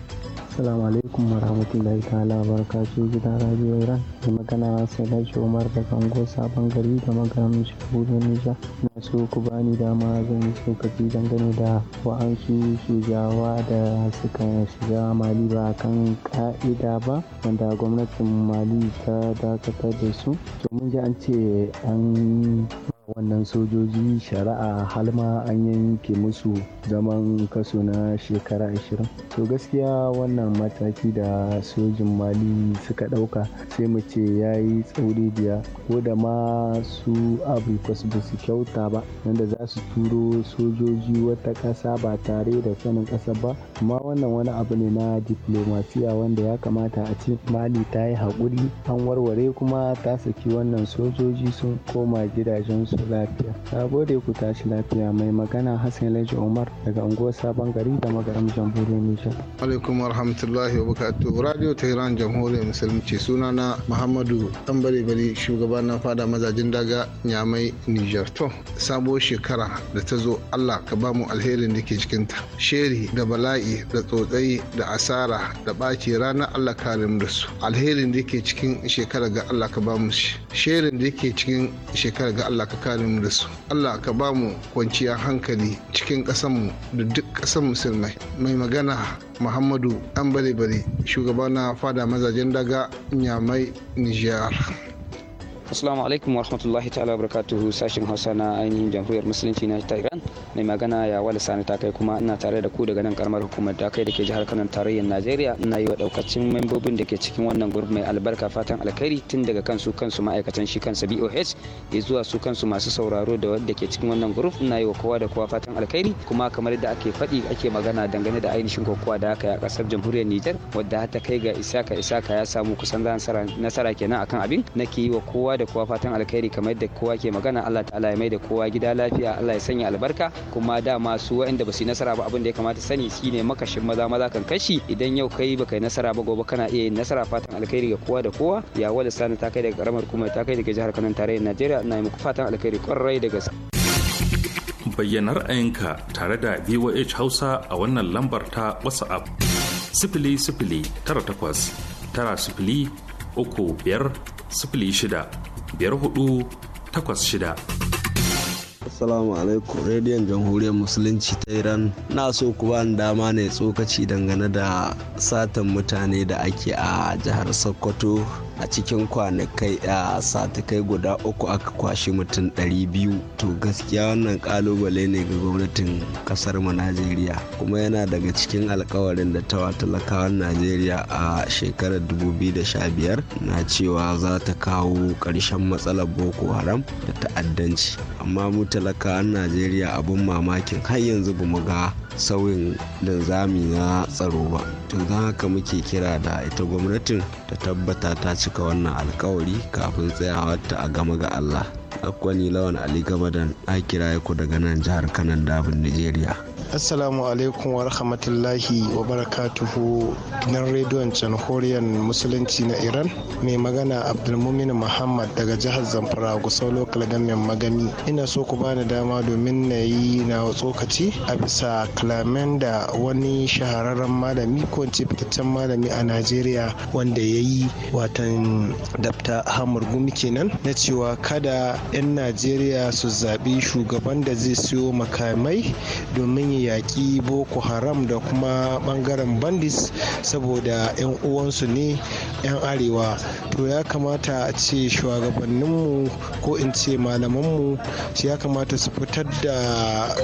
Assalamu alaikum warahmatullahi ta'ala barakatuh gidan Radio Iran da magana sai Laji Umar da Kango Sabon Gari da maganin Shahudu Nija na so ku bani dama zan yi tsokaci dangane da wa'ansu shugawa da suka shiga Mali ba kan ka'ida ba wanda gwamnatin Mali ali ta dakatar da su to mun ji an ce an wannan sojoji shari'a halma an yanke musu zaman kaso na shekara ashirin to gaskiya wannan mataki da sojin mali suka ɗauka sai mu ce ya yi tsauri biya ko da ma su abrikos ba su kyauta ba wanda za su turo sojoji wata ƙasa ba tare da sanin ƙasa ba amma wannan wani abu ne na diplomasiya wanda ya kamata a ce mali ta yi haƙuri an warware kuma ta saki wannan sojoji sun koma gidajensu lafiya. ta gode ku tashi lafiya mai magana Hassan Laji Umar daga unguwar Sabon Gari da Magaram Jamhuriyar Nijar. Alaikum warahmatullahi wabarakatuh. Radio Tehran Jamhuriyar Musulunci sunana Muhammadu Tambari Bari shugaban na fada mazajin daga Nyamai Nijar. To sabo shekara da ta zo Allah ka ba mu alherin da ke cikinta. Sheri da bala'i da tsotsai da asara da ɓaci ranar Allah kare mu da su. Alherin da ke cikin shekara ga Allah ka ba mu shi. Sherin da ke cikin shekara ga Allah ka tsakanin da su allah ka ba mu kwanciyar hankali cikin ƙasanmu da duk ƙasar musulmai mai magana muhammadu an bare bare shugaba na fada mazajen daga nyamai nijiyar. Assalamu alaikum wa rahmatullahi ta'ala wa barakatuhu sashin Hausa na ainihin jamhuriyar musulunci na ta Iran mai magana ya wala sani ta kai kuma ina tare da ku daga nan karamar hukumar da kai da ke jihar Kano tarayyar Najeriya ina yi wa daukacin membobin da ke cikin wannan gurbi mai albarka fatan alkhairi tun daga kansu kansu ma'aikatan shi kansa BOH ya zuwa su kansu masu sauraro da wanda ke cikin wannan gurbi ina yi wa kowa da kowa fatan alkhairi kuma kamar da ake faɗi ake magana dangane da ainihin kokowa da aka yi a ƙasar jamhuriyar Nijar wadda ta kai ga isaka isaka ya samu kusan nasara kenan akan abin nake yi wa kowa da kowa fatan alkhairi kamar yadda kowa ke magana Allah ta'ala ya mai da kowa gida lafiya Allah ya sanya albarka kuma da su waɗanda ba su yi nasara ba abin da ya kamata sani shine makashin maza maza kan kashi idan yau kai baka yi nasara ba gobe kana iya yin nasara fatan alkhairi ga kowa da kowa ya wala sani ta kai daga karamar kuma ta kai daga jihar Kano tarayyar Najeriya ina muku fatan alkhairi kwarai da gaske bayyana ra'ayinka tare da VOH Hausa a wannan lambar ta WhatsApp sifili sifili tara takwas tara sifili uku biyar sifili shida biyar hudu takwas shida. Assalamu alaikum rediyon jamhuriyar musulunci ta Iran na so ku bani dama ne tsokaci dangane da satan mutane da ake a jihar Sokoto a cikin kwanakai a satakai guda uku aka kwashi mutum 200 to gaskiya wannan kalubale ne ga gwamnatin kasar mu najeriya kuma yana daga cikin alkawarin da tawa talakawan najeriya a shekarar 2015 na cewa za ta kawo ƙarshen matsalar boko haram da ta'addanci amma a najeriya abin mamakin har yanzu ba mu ga sauyin linzami na tsaro ba to don haka muke kira da ita gwamnatin ta tabbata ta cika wannan alkawari kafin ta a gama ga allah akwani lawan ali gabadan a kira daga nan jihar kanan dabin nigeria assalamu alaikum wa rahmatullahi wa barakatuhu gidan rediyon jamhuriyar musulunci na iran mai magana abdulmumin muhammad daga jihar zamfara gusau lokal gamin magani ina so ku bani dama domin na yi na tsokaci a bisa kalamen da wani shahararren malami ko ce fitaccen malami a najeriya wanda ya yi watan dabta hamur gumi kenan na cewa kada 'yan najeriya su zaɓi shugaban da zai siyo makamai domin yaƙi boko haram da kuma ɓangaren bandis saboda 'yan uwansu ne 'yan arewa to ya kamata a ce shugabanninmu ko in ce malamanmu shi ya kamata su fitar da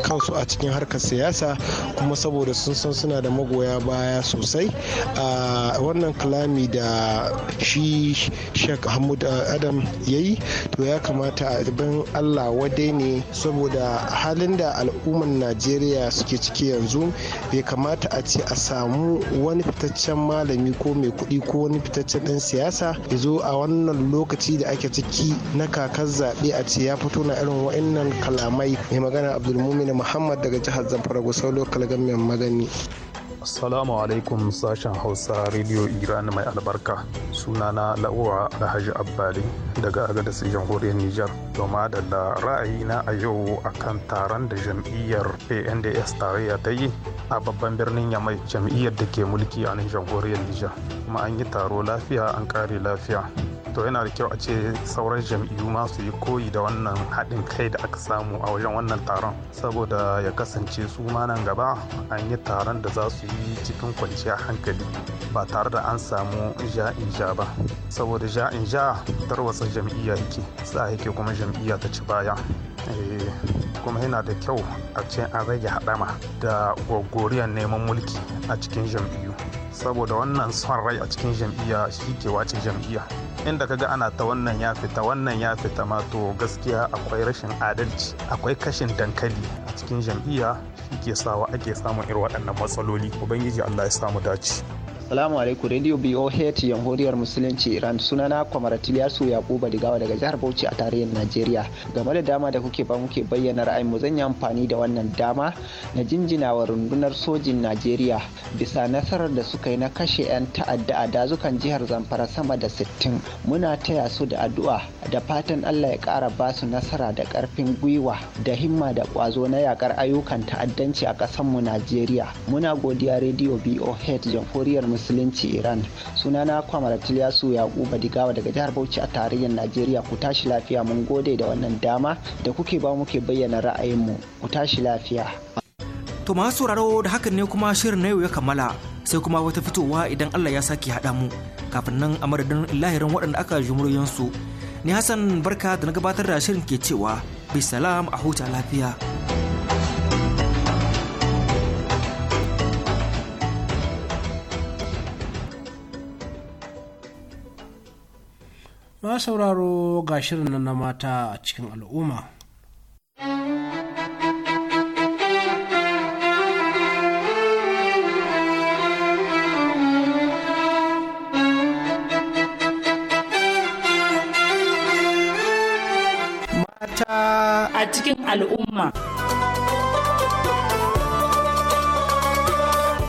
kansu a cikin harkar siyasa kuma saboda sun san suna da magoya baya sosai a wannan kalami da shi sheikh hamud adam ya yi to ya kamata a allah wadai ne saboda halin da al'ummar najeriya ake ciki yanzu bai kamata a ce a samu wani fitaccen malami ko mai kuɗi ko wani fitaccen ɗan siyasa ya zo a wannan lokaci da ake ciki na kakar zaɓe a ce ya fito na irin wa'annan kalamai mai magana abdulmumin muhammad daga jihar zamfara gusau lokal gamin magani Assalamu alaikum sashen Hausa Radio Iran mai albarka. Sunana La'uwa Alhaji Abbali daga Agadas Jamhuriyar Nijar. Doma da ra'ayina a yau akan taron da jam'iyyar PNDS tarayya ta yi a babban birnin Yamai jam'iyyar da ke mulki a nan Jamhuriyar Nijar. Kuma an yi taro lafiya an kare lafiya. to yana da kyau a ce sauran jam'iyyu ma su yi koyi da wannan haɗin kai da aka samu a wajen wannan taron saboda ya kasance su ma nan gaba an yi taron da za su yi cikin kwanciyar hankali ba tare da an samu ja'in ja ba saboda ja'in ja tarwatsa jam'iyya yake sa yake kuma jam'iyya ta ci baya eh, kuma yana da kyau a ce an rage haɗama da gogoriyar neman mulki a cikin jam'iyyu saboda wannan son rai a cikin jam'iyya shi ke wace jam'iyya inda kaga ana ta wannan ya fita wannan ya fita ma to gaskiya akwai rashin adalci akwai kashin dankali a cikin jam'iyya shi ke sawa ake samun irin waɗannan matsaloli ubangiji allah ya samu dace Salamu alaikum Radio BOH Jamhuriyar Musulunci Iran sunana Kwamaratil Yasu Yakuba Digawa daga jihar Bauchi a tarihin Najeriya. Game da dama da kuke ba muke bayyana ra'ayin mu zan yi amfani da wannan dama na jinjina wa rundunar sojin Najeriya bisa nasarar da suka yi na kashe 'yan ta'adda a dazukan jihar Zamfara sama da sittin. Muna taya su da addu'a da fatan Allah ya ƙara basu nasara da ƙarfin gwiwa da himma da ƙwazo na yakar ayyukan ta'addanci a ƙasar mu Najeriya. Muna godiya Radio BOH Yamhuriyar musulunci iran suna na kwamar ya yakuba digawa daga jihar bauchi a tarayyar najeriya ku tashi lafiya mun gode da wannan dama da kuke ba muke bayyana ra'ayinmu ku tashi lafiya to masu sauraro da hakan ne kuma shirin na yau ya kammala sai kuma wata fitowa idan allah ya sake haɗa mu kafin nan a madadin lahirin waɗanda aka jumuriyansu ni hassan barka da na gabatar da shirin ke cewa bisalam a huta lafiya ma sauraro ga shirin nan na mata a cikin al'umma. Mata a cikin al'umma.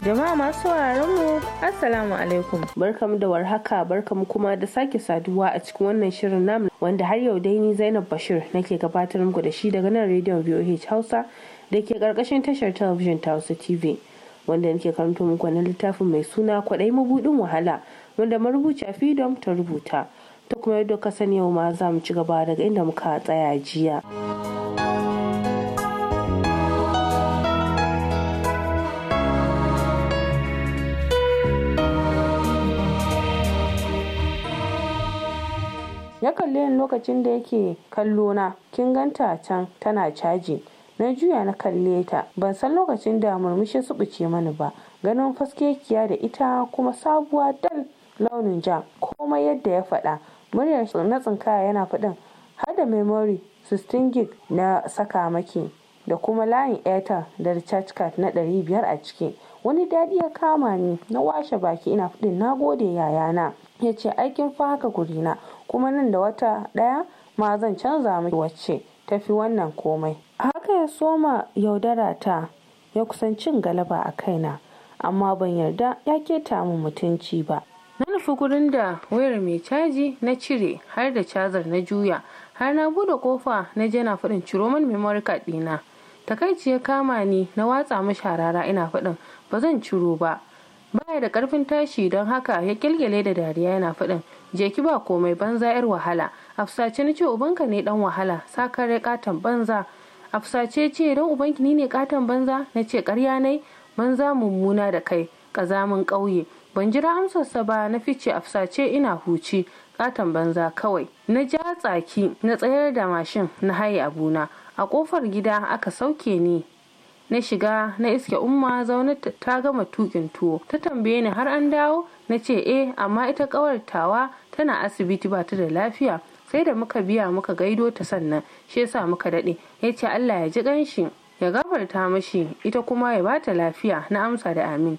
Jama'a masu mu Assalamu alaikum. Barkamu da warhaka, barkamu kuma da sake saduwa a cikin wannan shirin namu wanda har yau dai ni Zainab Bashir nake gabatar muku da shi daga nan rediyon VOH Hausa da ke karkashin tashar talabijin ta Hausa TV. Wanda nake karanto muku wannan littafin mai suna kwaɗai mabuɗin wahala wanda marubuciya Freedom ta rubuta. Ta kuma yadda ka sani yau ma za mu ci gaba daga inda muka tsaya jiya. ya kalle ni lokacin da yake kallo na kin ganta can tana caji na juya na kalle ta ban san lokacin da murmushi su buce mani ba ganin faskekiya da ita kuma sabuwa dal launin ja komai yadda ya faɗa muryar na tsinkaya yana faɗin har da memory 16 gig na saka maki da kuma layin airtel da recharge card na 500 a ciki wani daɗi ya kama ni na washe baki ina faɗin na gode yayana ya ce aikin fa haka gurina kuma nan da wata ɗaya ma zan canza miki wacce tafi wannan komai haka ya soma yaudara ta ya kusan cin galaba a kaina amma ban yarda ya keta mu mutunci ba na nufi gurin da wayar mai caji na cire har da cazar na juya har na bude kofa na je na faɗin ciro min memory card ɗina takaici ya kama ni na watsa mashi harara ina faɗin ba zan ciro ba baya da karfin tashi don haka ya kyalkyale da dariya yana faɗin jeki ba komai banza yar wahala afsace na ce ubanka ne dan wahala sakare katan banza afsace ce don ubanki ni ne katon banza na ce karya nai banza mummuna da kai kazamin ƙauye ban jira amsarsa ba na fice afsace ina huci katan banza kawai na ja tsaki na tsayar da mashin na haye abuna a kofar gida aka sauke ni na shiga na iske umma zaune ta gama tukin tuwo ta tambaye ni har an dawo na ce eh amma ita kawar tawa tana asibiti ba ta da lafiya sai da muka biya muka gaido ta sannan shi yasa muka daɗe ya ce allah ya ji ganshi ya gafarta mashi ita kuma ya bata lafiya na amsa da amin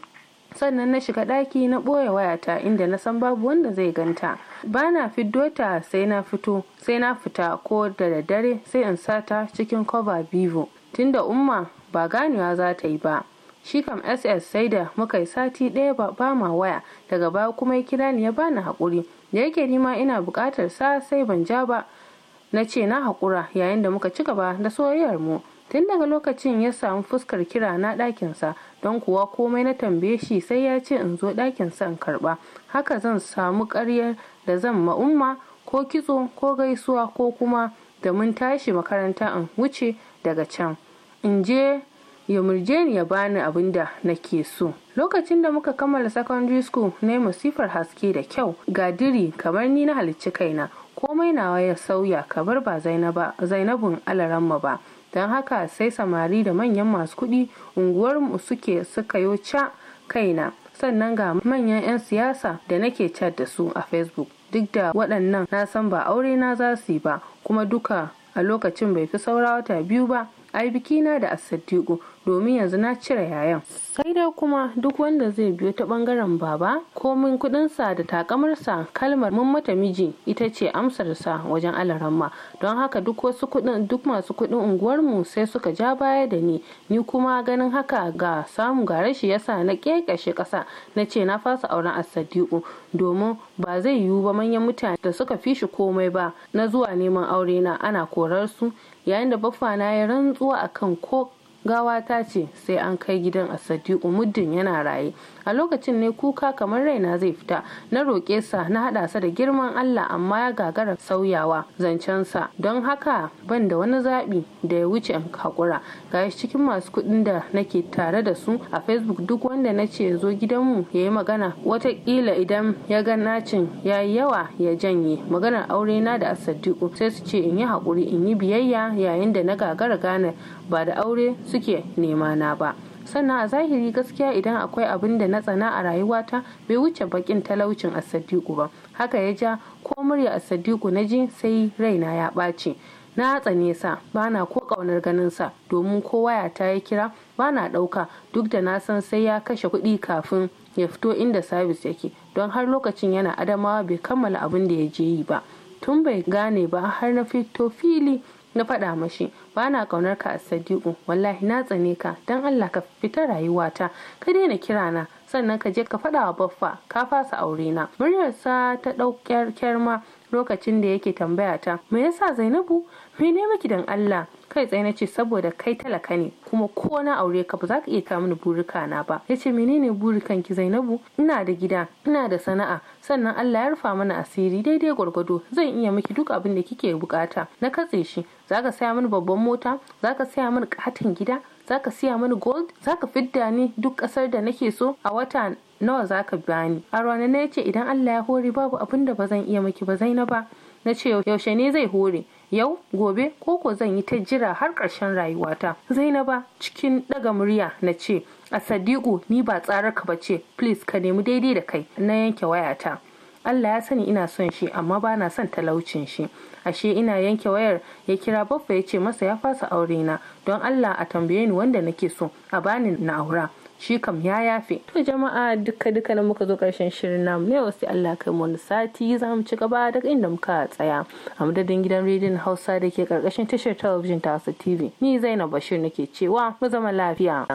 sannan na shiga daki na ɓoye wayata inda na san babu wanda zai ganta ba na fiddo ta sai na fito sai na fita ko da daddare sai in sata cikin cover vivo tunda umma ba ganewa za ta yi ba shi kam ss sai da muka yi sati ɗaya ba ma waya daga baya kuma ya kira ni ya bani haƙuri da yake ma ina buƙatar sa sai ban ja ba na ce na haƙura yayin da muka ci gaba da soyayyar mu tun daga lokacin ya samu fuskar kira na sa don kuwa komai na tambaye shi sai ya ce in zo ɗakinsa in karɓa haka zan samu ƙaryar da zan ma'umma ko kitso ko gaisuwa ko kuma da mun tashi makaranta in wuce daga can in je ya murje ni ya bani abin da nake so lokacin da muka kammala secondary school na yi masifar haske da kyau ga diri kamar ni na halicci kaina komai nawa ya sauya kamar ba zainabun alaranma ba don haka sai samari da manyan masu kuɗi unguwarmu suke suka yo ca kaina sannan ga manyan 'yan siyasa da nake chat da su a facebook duk da waɗannan na san ba aure na za su yi ba kuma duka a lokacin bai fi saura wata biyu ba ai bikina da asaddiƙo domin yanzu na cire yayan sai dai kuma duk wanda zai biyo ta bangaren baba komin kudinsa da takamarsa kalmar mun mata miji ita ce amsarsa wajen alaramma don haka duk wasu kudin duk masu kudin unguwarmu sai suka ja baya da ni ni kuma ganin haka ga samu ga rashi yasa na kekashe kasa na ce na fasa auren asadiku domin ba zai yiwu ba manyan mutane da suka fi shi komai ba na zuwa neman aure na ana korar su yayin da baffa ya rantsuwa akan ko gawa ta ce sai an kai gidan a sadiku muddin yana raye a lokacin ne kuka kamar raina zai fita na roƙe sa na haɗa sa da girman Allah amma ya gagara sauyawa zancensa don haka ban da wani zaɓi da ya wuce haƙura, ga cikin masu kuɗin da nake tare da su a facebook duk wanda na ce ya zo gidanmu ya yi magana watakila idan ya ga nacin ya yi yawa ya janye maganar aure na da asadiku sai su ce in yi haƙuri in yi biyayya yayin da na gagara gane ba da aure suke nema na ba sannan a zahiri gaskiya idan akwai abin da na tsana a rayuwata bai wuce bakin talaucin asadiku ba haka ya ja ko murya asadiku na ji sai raina ya ɓaci na tsane sa bana ko ƙaunar ganin sa domin ko ta ya kira bana ɗauka duk da na san sai ya kashe kuɗi kafin ya fito inda sabis yake don har lokacin yana adamawa bai kammala abin da ya je yi ba tun bai gane ba har na fito fili na faɗa mashi ba na ƙaunar ka a sadiku wallahi na tsane ka don allah ka fita rayuwata ka daina kira na sannan ka je ka faɗa wa baffa ka fasa aure na muryarsa ta ɗaukar ma lokacin da yake tambaya ta me yasa zainabu me ne miki Allah kai tsaye na ce saboda kai talaka ne kuma ko na aure ka ba za ka iya kawo mini burika na ba ya ce menene burikan ki Zainabu ina da gida ina da sana'a sannan Allah ya rufa mana asiri daidai gwargwado zan iya miki duk abin da kike bukata na katse shi za ka saya mini babban mota za ka saya mini katin gida za ka siya mini gold za ka fidda ni duk kasar da nake so a wata nawa za ka bani a ranar na ce idan Allah ya hore babu abin da ba zan iya miki ba Zainaba na ce yaushe ne zai hore yau gobe koko zan yi ta jira har ƙarshen rayuwata zainaba cikin ɗaga murya na ce a sadiku ni ba tsarar ba ce please ka nemi daidai da kai na yanke wayata Allah ya sani ina son shi amma ba na son talaucin shi ashe ina yanke wayar ya kira baffa ya ce masa ya fasa aure na don Allah a tambaye ni wanda nake so a bani na aura shi kam ya yafe to jama'a duka duka na muka zo karshen shirin namu ne wasu Allah kai mu wani sati za mu ci gaba daga inda muka tsaya a madadin gidan rediyon Hausa da ke karkashin tashar talabijin ta Hausa TV ni Zainab Bashir nake cewa mu zama lafiya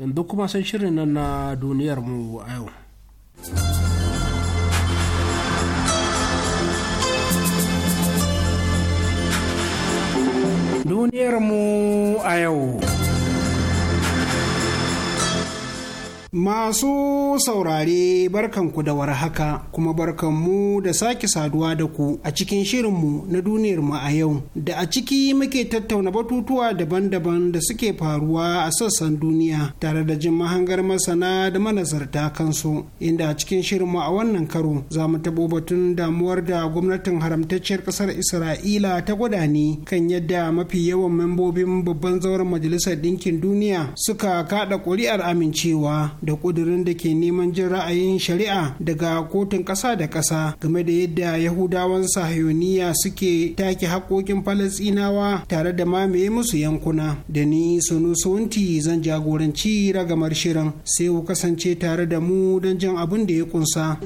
yanzu kuma san shirin nan na duniyarmu a yau mu a yau. Masu saurare barkanku da war haka kuma barkanmu da sake saduwa da ku a cikin shirinmu na duniyar mu a yau da a ciki muke tattauna batutuwa daban-daban da suke faruwa a sassan duniya tare da jin mahangar masana da manazarta kansu inda a cikin shirinmu a wannan karo za mu taɓo batun damuwar da gwamnatin haramtacciyar ƙasar Isra'ila ta gwada ne kan yadda mafi yawan membobin babban zauren majalisar ɗinkin duniya suka kaɗa ƙuri'ar amincewa da ƙudurin da ke neman jin ra'ayin shari'a daga kotun ƙasa da ƙasa game da yadda yahudawan sahiyoniya suke take haƙoƙin falasinawa tare da mamaye musu yankuna da ni sunu sunti zan jagoranci ragamar shirin sai ku kasance tare da mu don jin abin da ya ƙunsa.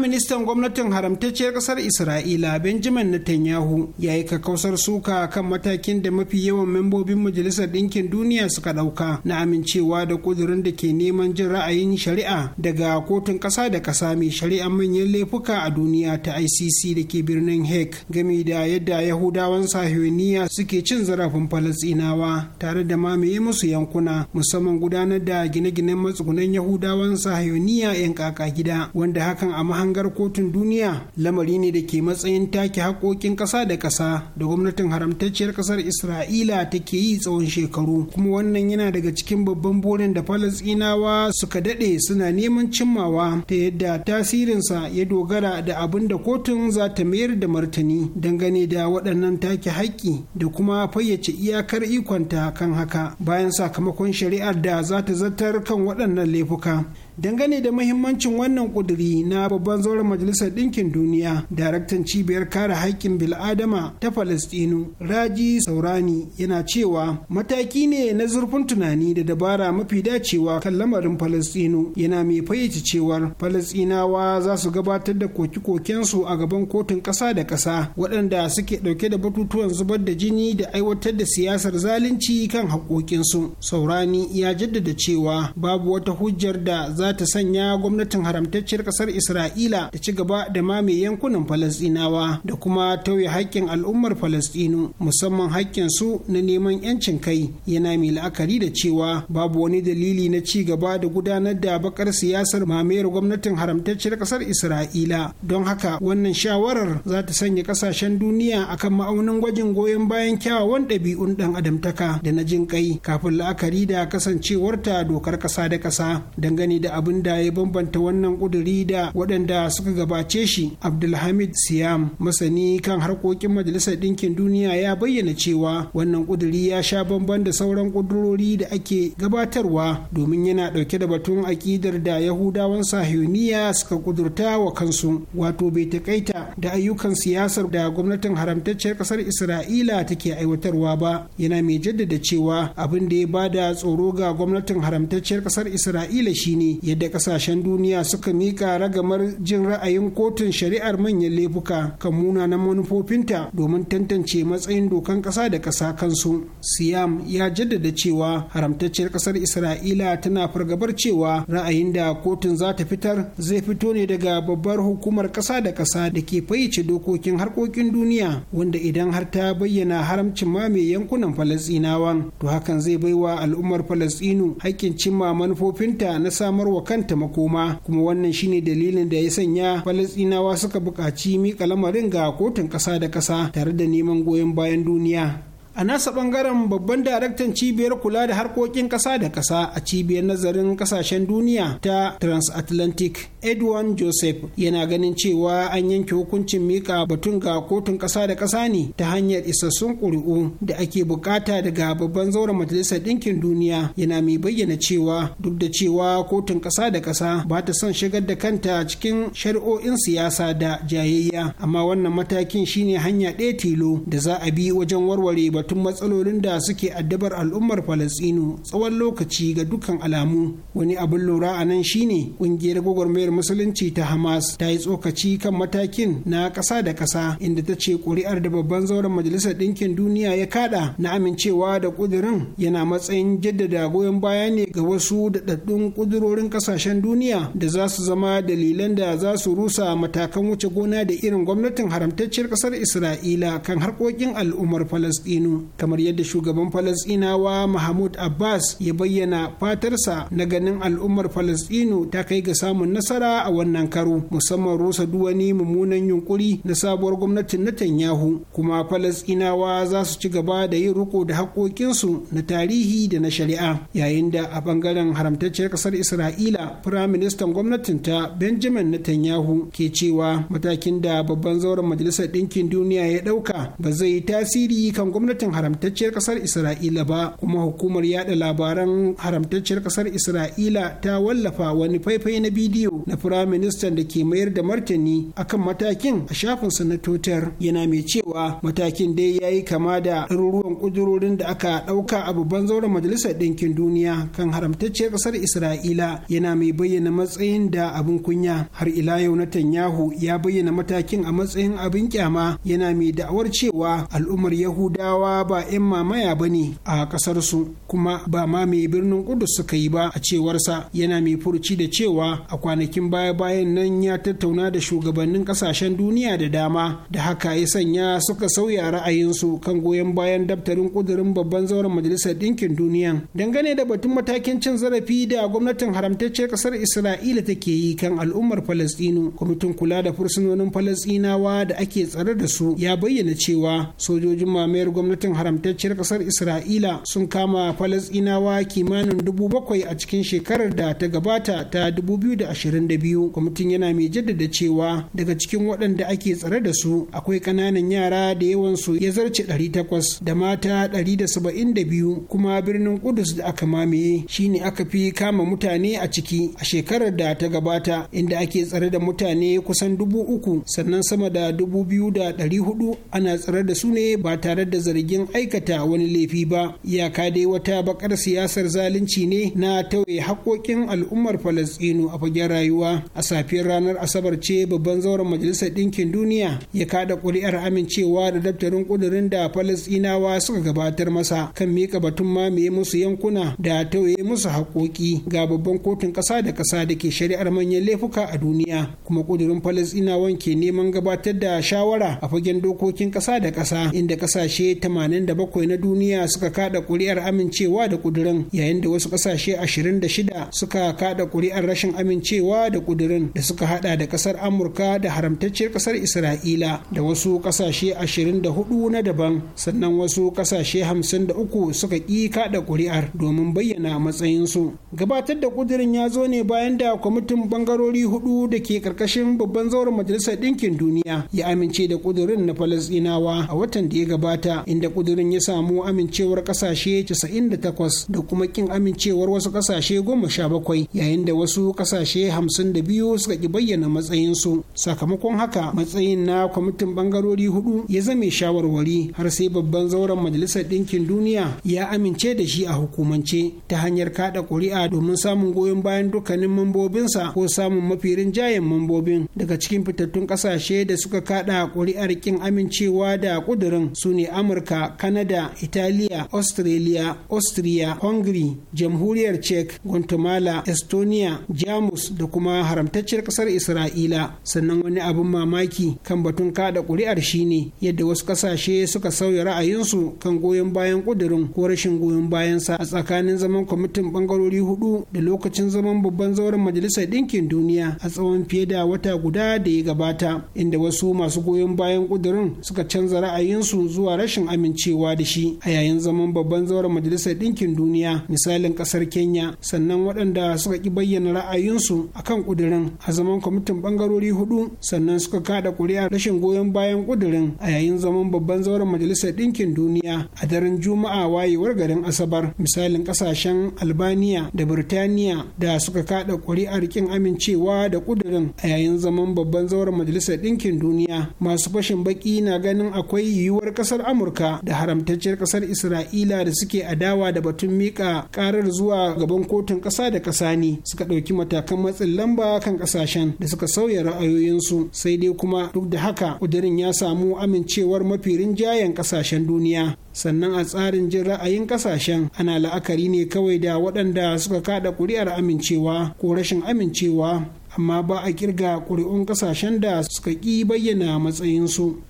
ministan gwamnatin haramtacciyar ƙasar Isra'ila Benjamin Netanyahu ya yi kakausar suka kan matakin da mafi yawan membobin Majalisar Ɗinkin Duniya suka ɗauka na amincewa da ƙudurin da ke neman jin ra'ayin shari'a daga kotun ƙasa da ƙasa mai shari'ar manyan laifuka a duniya ta ICC da ke birnin hek game da yadda Yahudawan Sahiyoniya suke cin zarafin Falasɗinawa tare da mamaye musu yankuna musamman gudanar da gine-ginen matsugunan Yahudawan Sahiyoniya 'yan kaka gida wanda hakan a mahan katangar kotun duniya lamari ne da ke matsayin take haƙoƙin ƙasa da ƙasa da gwamnatin haramtacciyar ƙasar isra'ila take yi tsawon shekaru kuma wannan yana daga cikin babban burin da falasɗinawa suka daɗe suna neman cimmawa ta yadda tasirinsa ya dogara da abin da kotun za ta mayar da martani dangane da waɗannan take haƙƙi da kuma fayyace iyakar ikonta kan haka bayan sakamakon shari'ar da za ta zartar kan waɗannan laifuka dangane da mahimmancin wannan kuduri na babban zauren majalisar ɗinkin duniya daraktan cibiyar kare haƙƙin bil'adama ta falastinu raji saurani yana cewa mataki ne na zurfin tunani da dabara mafi dacewa kan lamarin falastinu yana mai fayyace cewar falastinawa za su gabatar da koke-kokensu a gaban kotun ƙasa da ƙasa waɗanda suke ɗauke da batutuwan zubar da jini da aiwatar da siyasar zalunci kan haƙoƙinsu saurani ya jaddada cewa babu wata hujjar da za za ta sanya gwamnatin haramtacciyar ƙasar isra'ila ta ci gaba da mame yankunan falasɗinawa da kuma tauye haƙƙin al'ummar falasɗinu musamman haƙƙin su na neman 'yancin kai yana mai la'akari da cewa babu wani dalili na ci gaba da gudanar da bakar siyasar mamayar gwamnatin haramtacciyar ƙasar isra'ila don haka wannan shawarar za ta sanya ƙasashen duniya akan ma'aunin gwajin goyon bayan kyawawan ɗabi'un ɗan adamtaka da na jin kai kafin la'akari da kasancewarta dokar ƙasa da ƙasa dangane da abin da ya bambanta wannan ƙuduri da waɗanda suka gabace shi abdulhamid siyam masani kan harkokin majalisar ɗinkin duniya ya bayyana cewa wannan ƙuduri ya sha bamban da sauran ƙudurori da ake gabatarwa domin yana ɗauke da batun aƙidar da yahudawan sahiyoniya suka ƙudurta wa kansu wato bai taƙaita da ayyukan siyasar da gwamnatin haramtacciyar ƙasar isra'ila take aiwatarwa ba yana mai jaddada cewa abin da ya bada tsoro ga gwamnatin haramtacciyar ƙasar isra'ila shine yadda kasashen duniya suka mika ragamar jin ra'ayin kotun shari'ar manyan laifuka kan munanan manufofinta domin tantance matsayin dokan ƙasa da ƙasa kansu siyam ya jaddada cewa haramtacciyar ƙasar isra'ila tana fargabar cewa ra'ayin da kotun za ta fitar zai fito ne daga babbar hukumar ƙasa da ƙasa da ke fayyace dokokin harkokin duniya wanda idan har ta bayyana haramcin ma mai yankunan falasinawan to hakan zai baiwa al'ummar falasinu haƙƙin cimma manufofinta na samar wa kanta makoma kuma wannan shine dalilin da ya sanya falastinawa suka buƙaci miƙa lamarin ga kotun ƙasa da ƙasa tare da neman goyon bayan duniya a nasa bangaren babban daraktan cibiyar kula da harkokin kasa da kasa a cibiyar nazarin kasashen duniya ta transatlantic edwin joseph yana ganin cewa an yanke hukuncin mika batun ga kotun kasa da kasa ne ta hanyar isassun ƙuri'u da ake bukata daga babban zauren majalisar ɗinkin duniya yana mai bayyana cewa duk da cewa kotun kasa da kasa ba ta son shigar da kanta cikin shari'o'in siyasa da jayayya amma wannan matakin shine hanya ɗaya tilo da za a bi wajen warware batun batun matsalolin da suke addabar al'ummar falastinu tsawon lokaci ga dukkan alamu wani abin lura a nan shine kungiyar gwagwarmayar musulunci ta hamas ta yi tsokaci kan matakin na ƙasa da ƙasa inda ta ce ƙuri'ar da babban zauren majalisar ɗinkin duniya ya kada na amincewa da ƙudurin yana matsayin jaddada goyon baya ne ga wasu daɗaɗɗun ƙudurorin ƙasashen duniya da za su zama dalilan da za su rusa matakan wuce gona da irin gwamnatin haramtacciyar ƙasar isra'ila kan harkokin al'ummar Falasɗinu? kamar yadda shugaban falasɗinawa mahmud abbas ya bayyana fatarsa na ganin al'ummar falasɗinu ta kai ga samun nasara a wannan karo musamman rusa duwani mummunan yunkuri na sabuwar gwamnatin netanyahu kuma falasɗinawa za su ci gaba da yin riko da haƙoƙinsu na tarihi da na shari'a yayin da a bangaren haramtacciyar ƙasar isra'ila firaministan gwamnatinta benjamin netanyahu ke cewa matakin da babban zauren majalisar ɗinkin duniya ya ɗauka ba zai tasiri kan gwamnati. gwamnatin haramtacciyar kasar isra'ila ba kuma hukumar yada labaran haramtacciyar kasar isra'ila ta wallafa wani faifai na bidiyo na firaministan da ke mayar da martani akan matakin a shafin na twitter yana mai cewa matakin dai ya yi kama da ɗaruruwan ƙudurorin da aka ɗauka a babban zauren majalisar ɗinkin duniya kan haramtacciyar kasar isra'ila yana mai bayyana matsayin da abin kunya har ila yau tanyahu ya bayyana matakin a matsayin abin kyama yana mai da'awar cewa al'ummar yahudawa iraniyawa ba 'yan mamaya ba ne a ƙasarsu kuma ba ma mai birnin kudus suka yi ba a cewarsa yana mai furuci da cewa a kwanakin baya-bayan nan ya tattauna da shugabannin ƙasashen duniya da dama da haka ya sanya suka sauya ra'ayinsu kan goyon bayan daftarin ƙudurin babban zauren majalisar ɗinkin duniya dangane da batun matakin cin zarafi da gwamnatin haramtacce ƙasar isra'ila take yi kan al'ummar falastinu kwamitin kula da fursunonin falastinawa da ake tsare da su ya bayyana cewa sojojin mamayar gwamnati. gwamnatin haramtacciyar kasar isra'ila sun kama falasinawa kimanin dubu bakwai a cikin shekarar da ta gabata ta 2022 kwamitin yana mai jaddada cewa daga cikin waɗanda ake tsare da su akwai ƙananan yara da yawansu ya zarce 800 da mata ɗari da 172 kuma birnin kudus da aka mamaye shine aka fi kama mutane a ciki a shekarar da ta gabata inda ake tsare da mutane kusan dubu uku sannan sama da dubu biyu da ɗari hudu ana tsare da su ne ba tare da zargi zargin aikata wani laifi ba iyaka dai wata bakar siyasar zalunci ne na tauye haƙoƙin al'ummar falastinu a fagen rayuwa a safiyar ranar asabar ce babban zauren majalisar ɗinkin duniya ya kada ƙuri'ar amincewa da daftarin ƙudurin da falastinawa suka gabatar masa kan miƙa batun mamaye musu yankuna da tauye musu haƙoƙi ga babban kotun ƙasa da ƙasa da ke shari'ar manyan laifuka a duniya kuma ƙudurin falastinawan ke neman gabatar da shawara a fagen dokokin ƙasa da ƙasa inda ƙasashe 80 87 na duniya suka kada kuri'ar amincewa da kudurin yayin da wasu kasashe 26 suka kada kuri'ar rashin amincewa da kudurin da suka hada da kasar amurka da haramtacciyar kasar isra'ila da wasu kasashe 24 na daban sannan wasu kasashe 53 suka ki kada kuri'ar domin bayyana matsayinsu gabatar da kudurin ya zo ne bayan da kwamitin bangarori hudu da ke karkashin babban zauren majalisar ɗinkin duniya ya amince da kudurin na falasɗinawa a watan da ya gabata inda kudirin ya samu amincewar kasashe 98 da kuma kin amincewar wasu kasashe 17 yayin da wasu kasashe 52 suka ki bayyana matsayinsu sakamakon haka matsayin na kwamitin bangarori hudu ya zame shawarwari har sai babban zauren majalisar ɗinkin duniya ya amince da shi a hukumance ta hanyar kada ƙuri'a domin samun goyon bayan dukkanin mambobinsa ko samun mafirin rinjayen mambobin daga cikin fitattun kasashe da suka kada ƙuri'ar kin amincewa da kudirin su ne amurka kanada italiya australia austria hungary jamhuriyar czech guatemala estonia jamus da kuma haramtacciyar kasar isra'ila sannan wani abin mamaki kan batun kada kuri'ar shine yadda wasu kasashe suka sauya ra'ayinsu kan goyon bayan kudirin ko rashin goyon bayansa a tsakanin zaman kwamitin bangarori hudu da lokacin zaman babban zauren majalisar ɗinkin duniya a tsawon fiye da wata guda da ya gabata inda wasu masu goyon bayan kudirin suka canza ra'ayinsu zuwa rashin amin amincewa da shi a yayin zaman babban zawar majalisar ɗinkin duniya misalin ƙasar kenya sannan waɗanda suka ki bayyana ra'ayinsu a kan ƙudurin a zaman kwamitin ɓangarori hudu sannan suka kada ƙuri'a rashin goyon bayan ƙudurin a yayin zaman babban zauren majalisar ɗinkin duniya a daren juma'a wayewar garin asabar misalin ƙasashen albaniya da birtaniya da suka kada ƙuri'ar ƙin amincewa da ƙudurin a yayin zaman babban zawar majalisar ɗinkin duniya masu fashin baƙi na ganin akwai yiwuwar ƙasar amurka da haramtacciyar kasar isra'ila da suke adawa da batun mika karar zuwa gaban kotun kasa da kasa ne suka ɗauki matakan matsin lamba kan kasashen da suka sauya ra'ayoyinsu sai dai kuma duk da haka ƙudurin ya samu amincewar mafi rinjayen kasashen duniya sannan a tsarin jin ra'ayin kasashen ana la'akari ne kawai da waɗanda suka kada ƙuri'ar amincewa ko rashin amincewa amma ba a kirga ƙuri'un kasashen da suka ƙi bayyana matsayinsu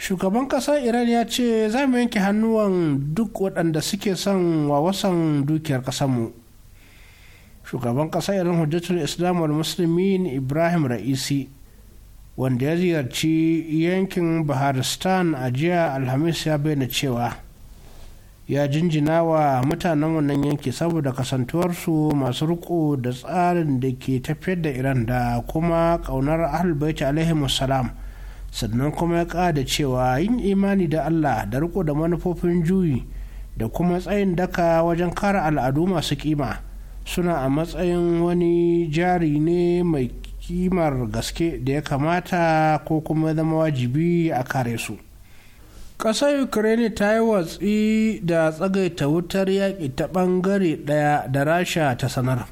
shugaban ƙasar iran ya ce za mu yanke hannuwan duk waɗanda suke son wawasan dukiyar ƙasarmu shugaban ƙasar iran hujjatul islam wal muslimin ibrahim ra'isi wanda ya ziyarci yankin baharistan a jiya alhamis ya bayyana cewa ya jinjina wa mutanen wannan yanki saboda kasantuwarsu masu riko da tsarin da ke tafiyar da iran da kuma kaunar ahlulbaiti alaihi salam sannan kuma ya ƙada cewa yin imani da allah da riko da manufofin juyi da kuma tsayin daka wajen kare al'adu masu kima suna a matsayin wani jari ne mai kimar gaske da ya kamata ko kuma zama wajibi a kare su ƙasar ukraine ta yi watsi da tsagaita wutar yaƙi ta ɓangare ɗaya da rasha ta sanar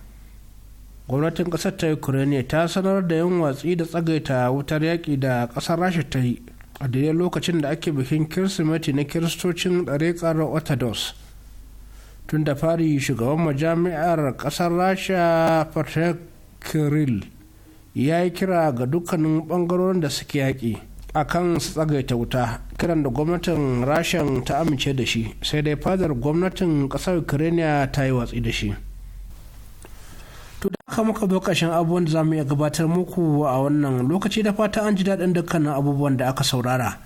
gwamnatin kasar ta ukraine ta sanar da yin watsi da tsagaita wutar yaƙi da ƙasar rasha ta yi a daidai lokacin da ake bikin kirsimeti na kiristocin ɗarekar orthodox tun da fari shugaban majami'ar ƙasar rasha patrick kirill ya yi kira ga dukkanin ɓangarorin da suke yaƙi a kan tsagaita wuta kiran da gwamnatin rashan ta amince da shi sai dai fadar gwamnatin ƙasar ukraine ta yi watsi da shi haka muka zo ƙarshen abubuwan da za mu iya gabatar muku a wannan lokaci da fata an ji daɗin dukkanin abubuwan da aka saurara.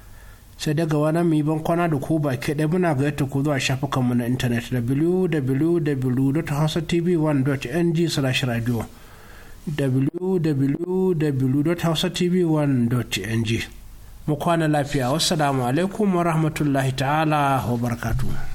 sai daga wani mu yi bankwana da ku baki ɗaya muna gayyata yadda ku zuwa shafukanmu na intanet www.hausatv1.ng slash radio www.hausatv1.ng mu kwana lafiya wassalamu alaikum wa rahmatullahi ta'ala wa barakatuhu